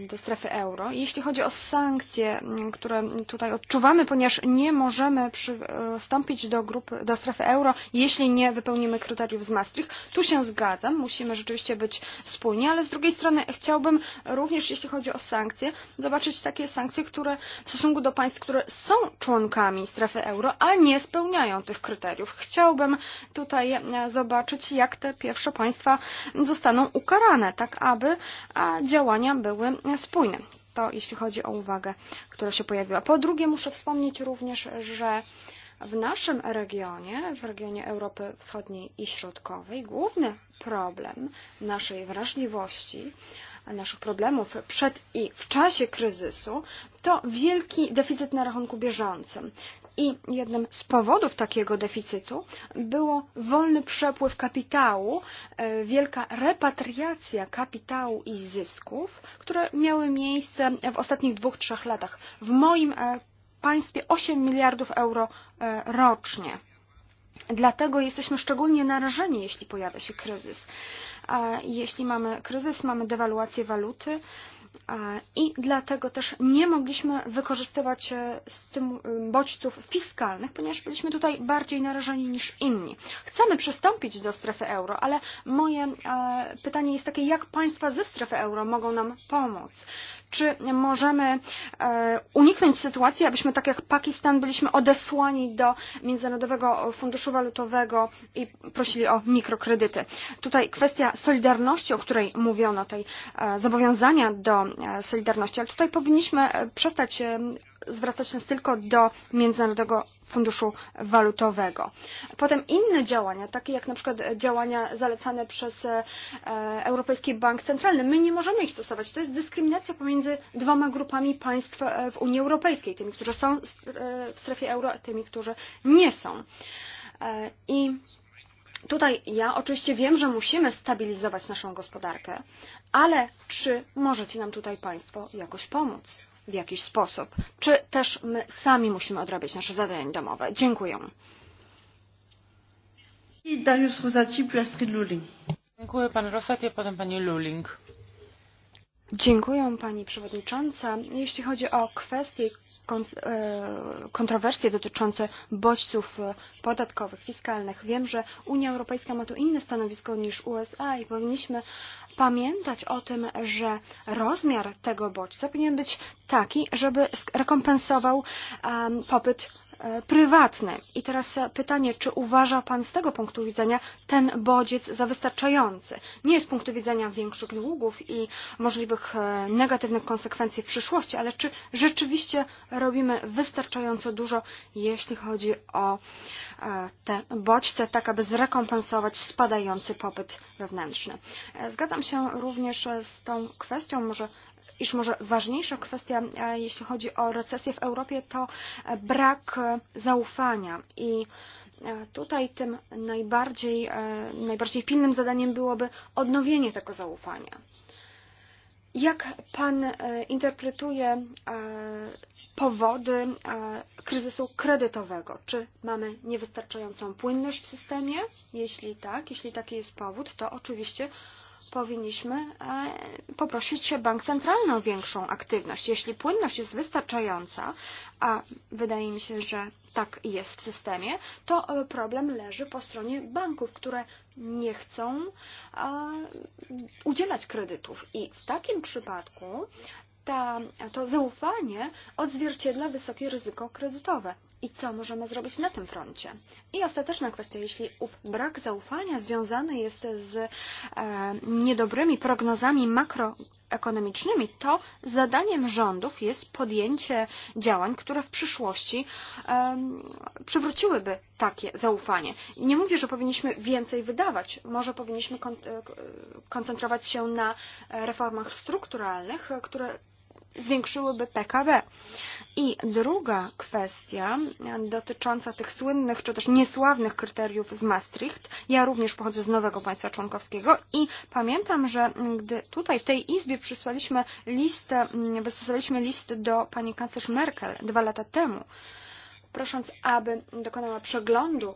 do strefy euro. Jeśli chodzi o sankcje, mm, które tutaj odczuwamy, ponieważ nie możemy przystąpić e, do, grupy, do strefy euro, jeśli nie wypełnimy kryteriów z Maastricht, tu się zgadzam, musimy rzeczywiście być wspólni, ale z drugiej strony chciałbym również, jeśli chodzi o sankcje, zobaczyć takie sankcje, które w stosunku do państw, które są członkami strefy euro, a nie spełniają tych kryteriów. Chciałbym tutaj e, zobaczyć, jak te pierwsze państwa zostaną ukarane, tak aby działania były spójne. To jeśli chodzi o uwagę, która się pojawiła. Po drugie, muszę wspomnieć również, że w naszym regionie, w regionie Europy Wschodniej i Środkowej, główny problem naszej wrażliwości, naszych problemów przed i w czasie kryzysu to wielki deficyt na rachunku bieżącym. I jednym z powodów takiego deficytu było wolny przepływ kapitału, e, wielka repatriacja kapitału i zysków, które miały miejsce w ostatnich dwóch, trzech latach. W moim e, państwie 8 miliardów euro e, rocznie. Dlatego jesteśmy szczególnie narażeni, jeśli pojawia się kryzys. A jeśli mamy kryzys, mamy dewaluację waluty, i dlatego też nie mogliśmy wykorzystywać e, e, bodźców fiskalnych, ponieważ byliśmy tutaj bardziej narażeni niż inni. Chcemy przystąpić do strefy euro, ale moje e, pytanie jest takie, jak państwa ze strefy euro mogą nam pomóc? Czy możemy uniknąć sytuacji, abyśmy tak jak Pakistan byliśmy odesłani do Międzynarodowego Funduszu Walutowego i prosili o mikrokredyty? Tutaj kwestia solidarności, o której mówiono, tej zobowiązania do Solidarności. Ale tutaj powinniśmy e, przestać e, zwracać nas tylko do Międzynarodowego Funduszu Walutowego. Potem inne działania, takie jak na przykład działania zalecane przez e, Europejski Bank Centralny, my nie możemy ich stosować. To jest dyskryminacja pomiędzy dwoma grupami państw w Unii Europejskiej, tymi, którzy są w strefie euro, a tymi, którzy nie są. I Tutaj ja oczywiście wiem, że musimy stabilizować naszą gospodarkę, ale czy możecie nam tutaj Państwo jakoś pomóc w jakiś sposób? Czy też my sami musimy odrabiać nasze zadania domowe? Dziękuję. Dziękuję pan Rosat, ja potem pani Luling. Dziękuję Pani Przewodnicząca. Jeśli chodzi o kwestie, e, kontrowersje dotyczące bodźców podatkowych, fiskalnych, wiem, że Unia Europejska ma tu inne stanowisko niż USA i powinniśmy pamiętać o tym, że rozmiar tego bodźca powinien być taki, żeby rekompensował popyt prywatne. I teraz pytanie, czy uważa Pan z tego punktu widzenia ten bodziec za wystarczający? Nie z punktu widzenia większych długów i możliwych e, negatywnych konsekwencji w przyszłości, ale czy rzeczywiście robimy wystarczająco dużo, jeśli chodzi o e, te bodźce, tak aby zrekompensować spadający popyt wewnętrzny. E, zgadzam się również z tą kwestią, może iż może ważniejsza kwestia, e, jeśli chodzi o recesję w Europie, to e, brak e, zaufania. I tutaj tym najbardziej, najbardziej pilnym zadaniem byłoby odnowienie tego zaufania. Jak Pan interpretuje powody kryzysu kredytowego? Czy mamy niewystarczającą płynność w systemie? Jeśli tak, jeśli taki jest powód, to oczywiście powinniśmy e, poprosić się bank centralny o większą aktywność. Jeśli płynność jest wystarczająca, a wydaje mi się, że tak jest w systemie, to e, problem leży po stronie banków, które nie chcą e, udzielać kredytów. I w takim przypadku ta, to zaufanie odzwierciedla wysokie ryzyko kredytowe i co możemy zrobić na tym froncie. I ostateczna kwestia, jeśli ów brak zaufania związany jest z e, niedobrymi prognozami makroekonomicznymi, to zadaniem rządów jest podjęcie działań, które w przyszłości e, przywróciłyby takie zaufanie. Nie mówię, że powinniśmy więcej wydawać. Może powinniśmy kon e, koncentrować się na reformach strukturalnych, które zwiększyłyby PKB. I druga kwestia e, dotycząca tych słynnych czy też niesławnych kryteriów z Maastricht. Ja również pochodzę z nowego państwa członkowskiego i pamiętam, że gdy tutaj w tej izbie przysłaliśmy listę, mm, wystosowaliśmy list do pani kanclerz Merkel dwa lata temu, prosząc, aby dokonała przeglądu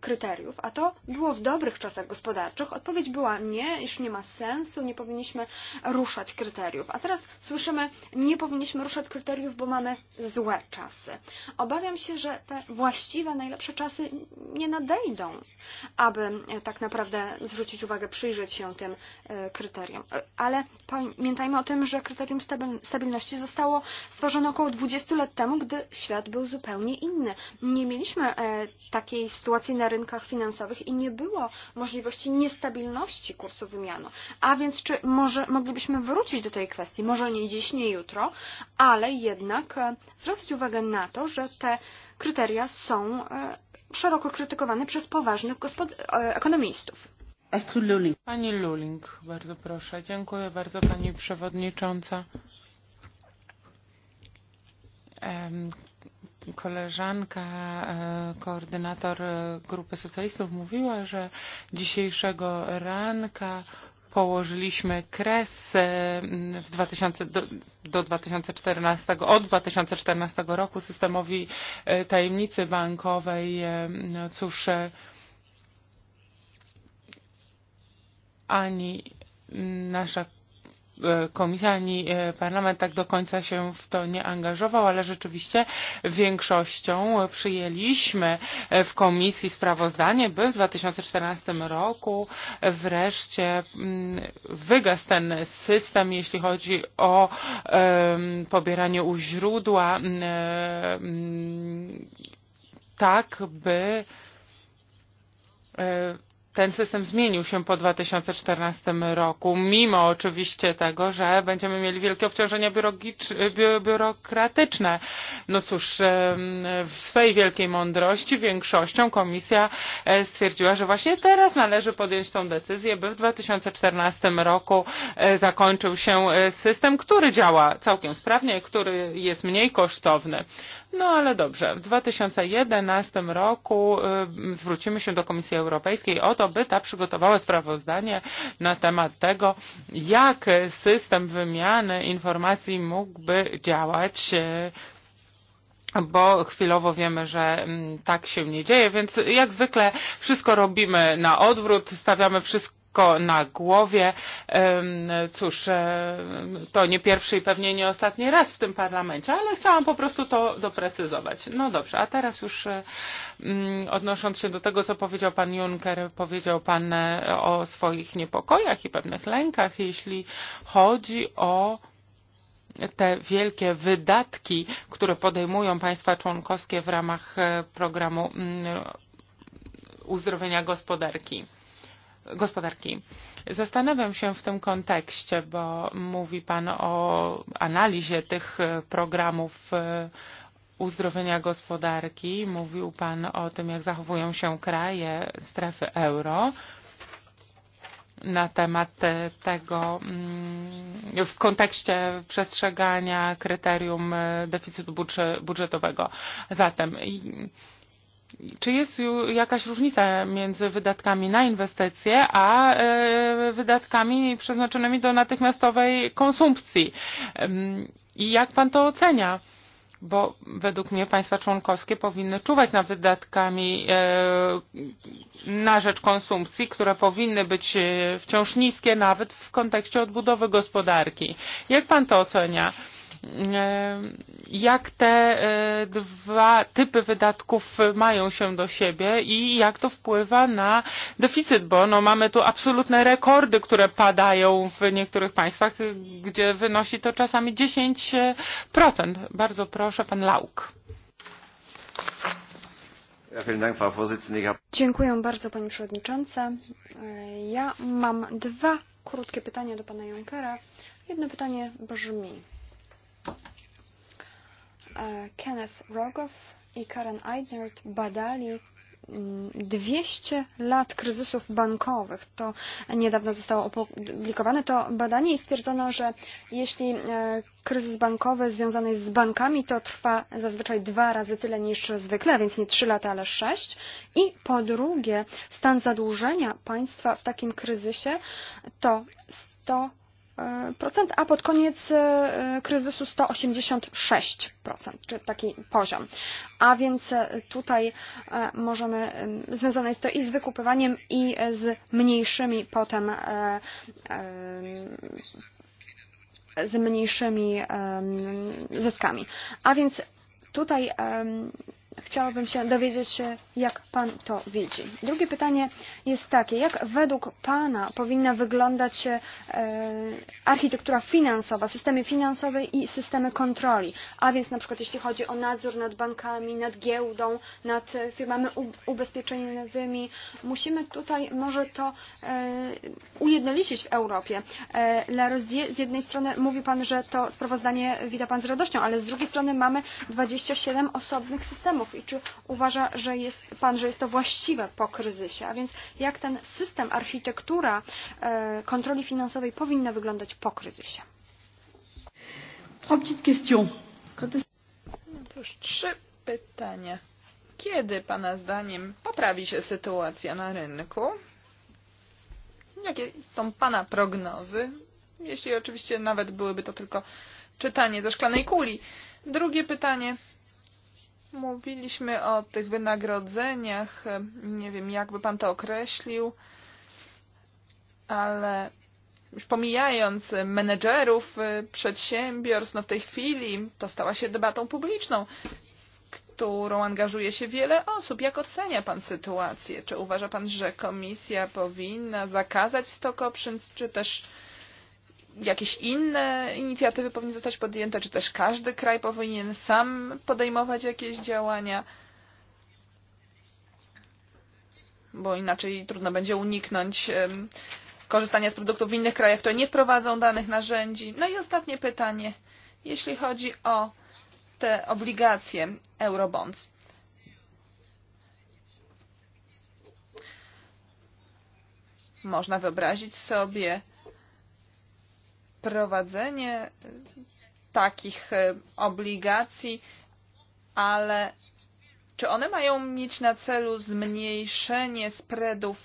kryteriów, a to było w dobrych czasach gospodarczych. Odpowiedź była nie, iż nie ma sensu, nie powinniśmy ruszać kryteriów. A teraz słyszymy, nie powinniśmy ruszać kryteriów, bo mamy złe czasy. Obawiam się, że te właściwe, najlepsze czasy nie nadejdą, aby tak naprawdę zwrócić uwagę, przyjrzeć się tym e, kryteriom. E, ale pamiętajmy o tym, że kryterium stabilności zostało stworzone około 20 lat temu, gdy świat był zupełnie inne. Nie mieliśmy e, takiej sytuacji na rynkach finansowych i nie było możliwości niestabilności kursu wymianu. A więc czy może moglibyśmy wrócić do tej kwestii? Może nie dziś, nie jutro, ale jednak e, zwracać uwagę na to, że te kryteria są e, szeroko krytykowane przez poważnych ekonomistów. Astrid Luling. Pani Luling, bardzo proszę. Dziękuję bardzo Pani Przewodnicząca koleżanka, e, koordynator e, grupy socjalistów mówiła, że dzisiejszego ranka położyliśmy kres e, w 2000, do, do 2014, od 2014 roku systemowi tajemnicy bankowej. No cóż, ani nasza E, komisja, ani e, parlament tak do końca się w to nie angażował, ale rzeczywiście większością przyjęliśmy e, w komisji sprawozdanie, by w 2014 roku wreszcie mm, wygasł ten system, jeśli chodzi o pobieranie u źródła mm, mm, tak, by ten system zmienił się po 2014 roku, mimo oczywiście tego, że będziemy mieli wielkie obciążenia biurokratyczne. No cóż, w ehm, swej wielkiej mądrości większością komisja e, stwierdziła, że właśnie teraz należy podjąć tą decyzję, by w 2014 roku e, zakończył się e, system, który działa całkiem sprawnie, który jest mniej kosztowny. No ale dobrze, w 2011 roku e, zwrócimy się do Komisji Europejskiej o to, by ta przygotowała sprawozdanie na temat tego, jak system wymiany informacji mógłby działać e, bo chwilowo wiemy, że mm, tak się nie dzieje, więc jak zwykle wszystko robimy na odwrót, stawiamy wszystko na głowie. Cóż, to nie pierwszy i pewnie nie ostatni raz w tym parlamencie, ale chciałam po prostu to doprecyzować. No dobrze, a teraz już odnosząc się do tego, co powiedział pan Juncker, powiedział pan e, o swoich niepokojach i pewnych lękach, jeśli chodzi o te wielkie wydatki, które podejmują państwa członkowskie w ramach e, programu mm, uzdrowienia gospodarki gospodarki. Zastanawiam się w tym kontekście, bo mówi Pan o analizie tych programów e, uzdrowienia gospodarki, mówił Pan o tym, jak zachowują się kraje strefy euro na temat e, tego mm, w kontekście przestrzegania kryterium e, deficytu budżetowego. Zatem czy jest jakaś różnica między wydatkami na inwestycje a e, wydatkami przeznaczonymi do natychmiastowej konsumpcji? I jak pan to ocenia? Bo według mnie państwa członkowskie powinny czuwać nad wydatkami e, na rzecz konsumpcji, które powinny być e, wciąż niskie nawet w kontekście odbudowy gospodarki. Jak pan to ocenia? Ehm, jak te e, dwa typy wydatków mają się do siebie i jak to wpływa na deficyt, bo no, mamy tu absolutne rekordy, które padają w niektórych państwach, gdzie wynosi to czasami 10%. Bardzo proszę, pan Lauk. Dziękuję bardzo Pani Przewodnicząca. Ja mam dwa krótkie pytania do Pana Junckera. Jedno pytanie brzmi. Kenneth Rogoff i Karen Eisnert badali 200 mm, lat kryzysów bankowych. To niedawno zostało opublikowane to badanie i stwierdzono, że jeśli e, kryzys bankowy związany jest z bankami, to trwa zazwyczaj dwa razy tyle niż zwykle, więc nie trzy lata, ale sześć. I po drugie, stan zadłużenia państwa w takim kryzysie to 100 a pod koniec e, kryzysu 186%, czy taki poziom. A więc e, tutaj e, możemy, związane jest to i z wykupywaniem, i z mniejszymi potem z mniejszymi zyskami. A więc tutaj chciałabym się dowiedzieć, e, jak Pan to widzi. Drugie pytanie jest takie, jak według Pana powinna wyglądać e, architektura finansowa, systemy finansowe i systemy kontroli, a więc na przykład jeśli chodzi o nadzór nad bankami, nad giełdą, nad e, firmami ubezpieczeniowymi, musimy tutaj może to e, ujednolicić w Europie. E, z jednej strony mówi Pan, że to sprawozdanie wita Pan z radością, ale z drugiej strony mamy 27 osobnych systemów banków i czy uważa że jest, Pan, że jest to właściwe po kryzysie? A więc jak ten system, architektura e, kontroli finansowej powinna wyglądać po kryzysie? No trzy pytania. Kiedy Pana zdaniem poprawi się sytuacja na rynku? Jakie są Pana prognozy? Jeśli oczywiście nawet byłyby to tylko czytanie ze szklanej kuli. Drugie pytanie. Mówiliśmy o tych wynagrodzeniach. Nie wiem, jakby pan to określił, ale już pomijając menedżerów przedsiębiorstw, no w tej chwili to stała się debatą publiczną, którą angażuje się wiele osób. Jak ocenia pan sytuację? Czy uważa pan, że komisja powinna zakazać stock options, czy też jakieś inne inicjatywy powinny zostać podjęte, czy też każdy kraj powinien sam podejmować jakieś działania, bo inaczej trudno będzie uniknąć korzystania z produktów w innych krajach, które nie wprowadzą danych narzędzi. No i ostatnie pytanie, jeśli chodzi o te obligacje Eurobonds. Można wyobrazić sobie prowadzenie e, takich e, obligacji, ale czy one mają mieć na celu zmniejszenie spreadów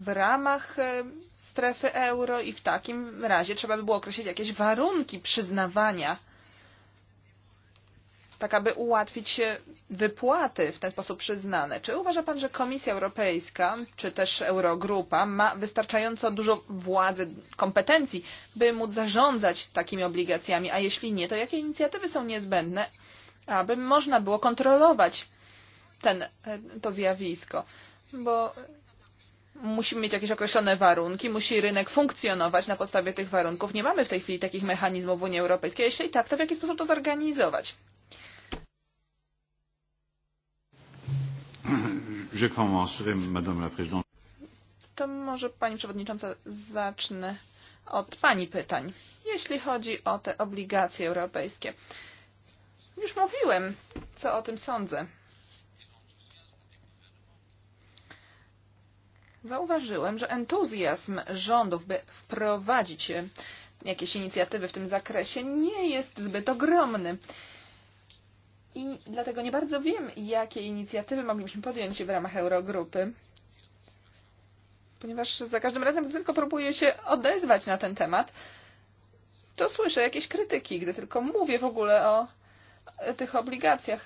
w ramach e, strefy euro i w takim razie trzeba by było określić jakieś warunki przyznawania tak aby ułatwić wypłaty w ten sposób przyznane. Czy uważa Pan, że Komisja Europejska, czy też Eurogrupa ma wystarczająco dużo władzy, kompetencji, by móc zarządzać takimi obligacjami, a jeśli nie, to jakie inicjatywy są niezbędne, aby można było kontrolować ten, e, to zjawisko? Bo musimy mieć jakieś określone warunki, musi rynek funkcjonować na podstawie tych warunków. Nie mamy w tej chwili takich mechanizmów w Unii Europejskiej. Jeśli tak, to w jaki sposób to zorganizować? Je commencerai, madame la présidente. To może pani przewodnicząca zacznę od pani pytań, jeśli chodzi o te obligacje europejskie. Już mówiłem, co o tym sądzę. Zauważyłem, że entuzjazm rządów, by wprowadzić jakieś inicjatywy w tym zakresie, nie jest zbyt ogromny. I dlatego nie bardzo wiem, jakie inicjatywy moglibyśmy podjąć w ramach Eurogrupy. Ponieważ za każdym razem, gdy tylko próbuję się odezwać na ten temat, to słyszę jakieś krytyki, gdy tylko mówię w ogóle o e, tych obligacjach.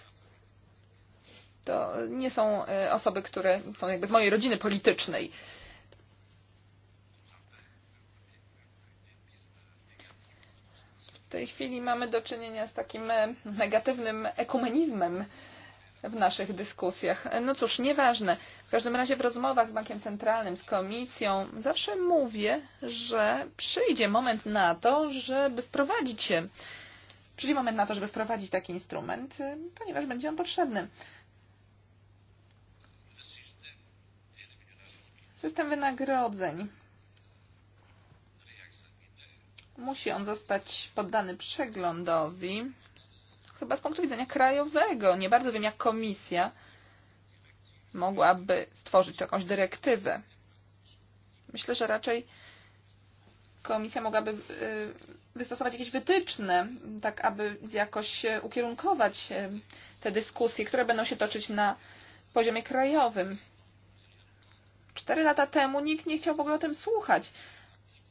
To nie są e, osoby, które są jakby z mojej rodziny politycznej. tej chwili mamy do czynienia z takim eh, negatywnym ekumenizmem w naszych dyskusjach. Eh, no cóż, nieważne. W każdym razie w rozmowach z Bankiem Centralnym, z Komisją zawsze mówię, że przyjdzie moment na to, żeby wprowadzić się. Przyjdzie moment na to, żeby wprowadzić taki instrument, eh, ponieważ będzie on potrzebny. System wynagrodzeń Musi on zostać poddany przeglądowi, chyba z punktu widzenia krajowego. Nie bardzo wiem, jak komisja mogłaby stworzyć jakąś dyrektywę. Myślę, że raczej komisja mogłaby wystosować jakieś wytyczne, tak aby jakoś ukierunkować te dyskusje, które będą się toczyć na poziomie krajowym. Cztery lata temu nikt nie chciał w ogóle o tym słuchać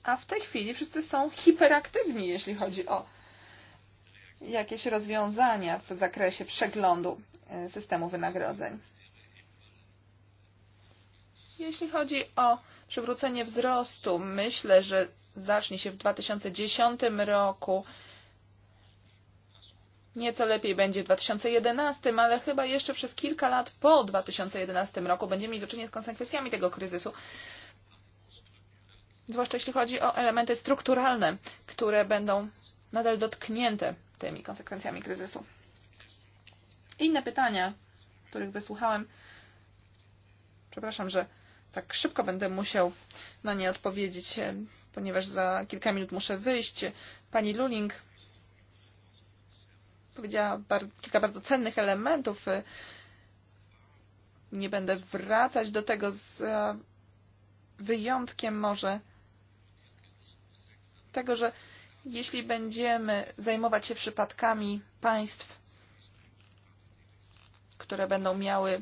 a w tej chwili wszyscy są hiperaktywni, jeśli chodzi o jakieś rozwiązania w zakresie przeglądu e, systemu wynagrodzeń. Jeśli chodzi o przywrócenie wzrostu, myślę, że zacznie się w 2010 roku. Nieco lepiej będzie w 2011, ale chyba jeszcze przez kilka lat po 2011 roku będziemy mieli do czynienia z konsekwencjami tego kryzysu zwłaszcza jeśli chodzi o elementy strukturalne, które będą nadal dotknięte tymi konsekwencjami kryzysu. Inne pytania, których wysłuchałem, przepraszam, że tak szybko będę musiał na nie odpowiedzieć, e, ponieważ za kilka minut muszę wyjść. Pani Luling powiedziała kilka bardzo cennych elementów. E, nie będę wracać do tego z e, wyjątkiem może tego, że jeśli będziemy zajmować się przypadkami państw, które będą miały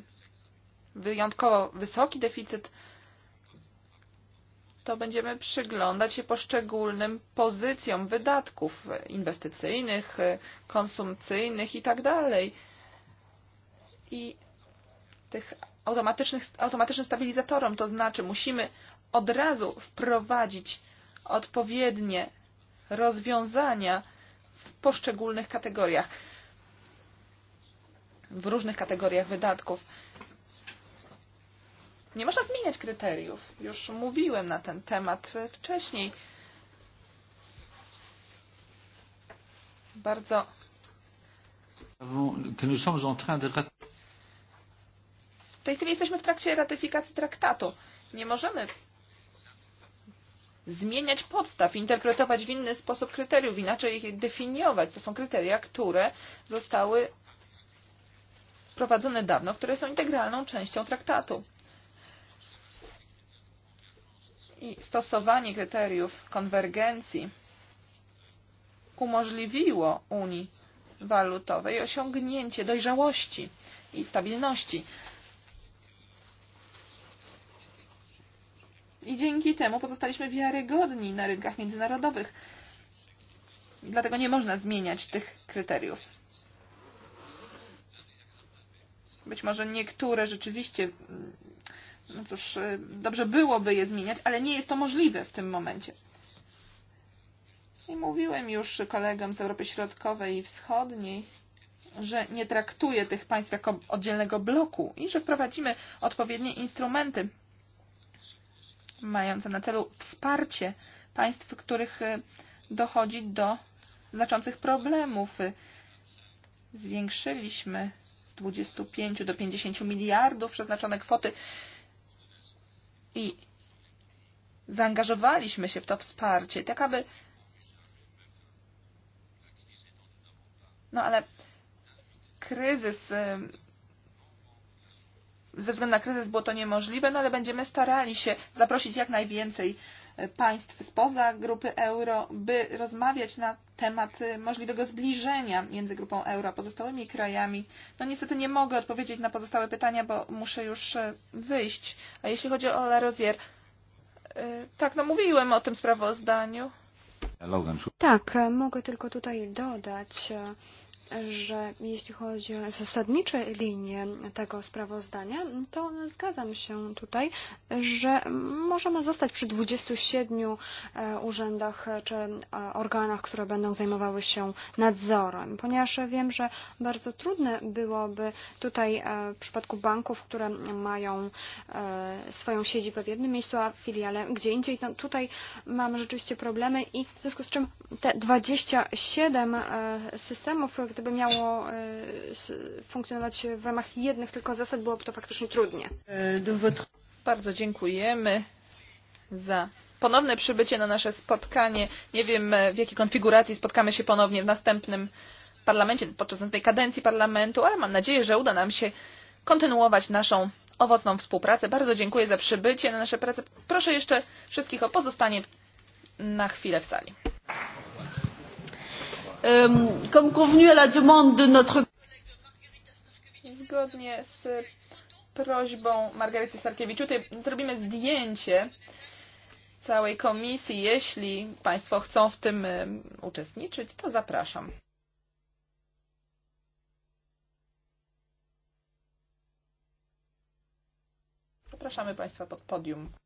wyjątkowo wysoki deficyt, to będziemy przyglądać się poszczególnym pozycjom wydatków inwestycyjnych, konsumpcyjnych itd. I tych automatycznych, automatycznym stabilizatorom, to znaczy musimy od razu wprowadzić odpowiednie rozwiązania w poszczególnych kategoriach, w różnych kategoriach wydatków. Nie można zmieniać kryteriów. Już mówiłem na ten temat wcześniej. Bardzo. W tej chwili jesteśmy w trakcie ratyfikacji traktatu. Nie możemy zmieniać podstaw, interpretować w inny sposób kryteriów, inaczej ich definiować. To są kryteria, które zostały wprowadzone dawno, które są integralną częścią traktatu. I stosowanie kryteriów konwergencji umożliwiło Unii Walutowej osiągnięcie dojrzałości i stabilności i dzięki temu pozostaliśmy wiarygodni na rynkach międzynarodowych. Dlatego nie można zmieniać tych kryteriów. Być może niektóre rzeczywiście, mm, no cóż, dobrze byłoby je zmieniać, ale nie jest to możliwe w tym momencie. I mówiłem już kolegom z Europy Środkowej i Wschodniej, że nie traktuje tych państw jako oddzielnego bloku i że wprowadzimy odpowiednie instrumenty mająca na celu wsparcie państw, w których e, dochodzi do znaczących problemów. Zwiększyliśmy z 25 do 50 miliardów przeznaczone kwoty i zaangażowaliśmy się w to wsparcie, tak aby. No ale kryzys e, ze względu na kryzys było to niemożliwe, no ale będziemy starali się zaprosić jak najwięcej e, państw spoza grupy euro, by rozmawiać na temat e, możliwego zbliżenia między grupą euro a pozostałymi krajami. No niestety nie mogę odpowiedzieć na pozostałe pytania, bo muszę już e, wyjść. A jeśli chodzi o La Rozier, tak, no mówiłem o tym sprawozdaniu. Tak, mogę tylko tutaj dodać, że jeśli chodzi o zasadnicze linie tego sprawozdania, to zgadzam się tutaj, że możemy zostać przy 27 e, urzędach e, czy e, organach, które będą zajmowały się nadzorem, ponieważ wiem, że bardzo trudne byłoby tutaj w przypadku banków, które mają swoją siedzibę w jednym miejscu, a filiale gdzie indziej. No tutaj mamy rzeczywiście problemy i w związku z czym te 27 systemów, gdyby miało e, funkcjonować w ramach jednych tylko zasad, byłoby to faktycznie trudnie. Bardzo dziękujemy za ponowne przybycie na nasze spotkanie. Nie wiem, e, w jakiej konfiguracji spotkamy się ponownie w następnym parlamencie, podczas następnej kadencji parlamentu, ale mam nadzieję, że uda nam się kontynuować naszą owocną współpracę. Bardzo dziękuję za przybycie na nasze prace. Proszę jeszcze wszystkich o pozostanie na chwilę w sali. Euh, comme convenu à la demande de notre Zgodnie z prośbą Margaryty tutaj zrobimy zdjęcie całej komisji. Jeśli Państwo chcą w tym uczestniczyć, to zapraszam. Zapraszamy Państwa pod podium.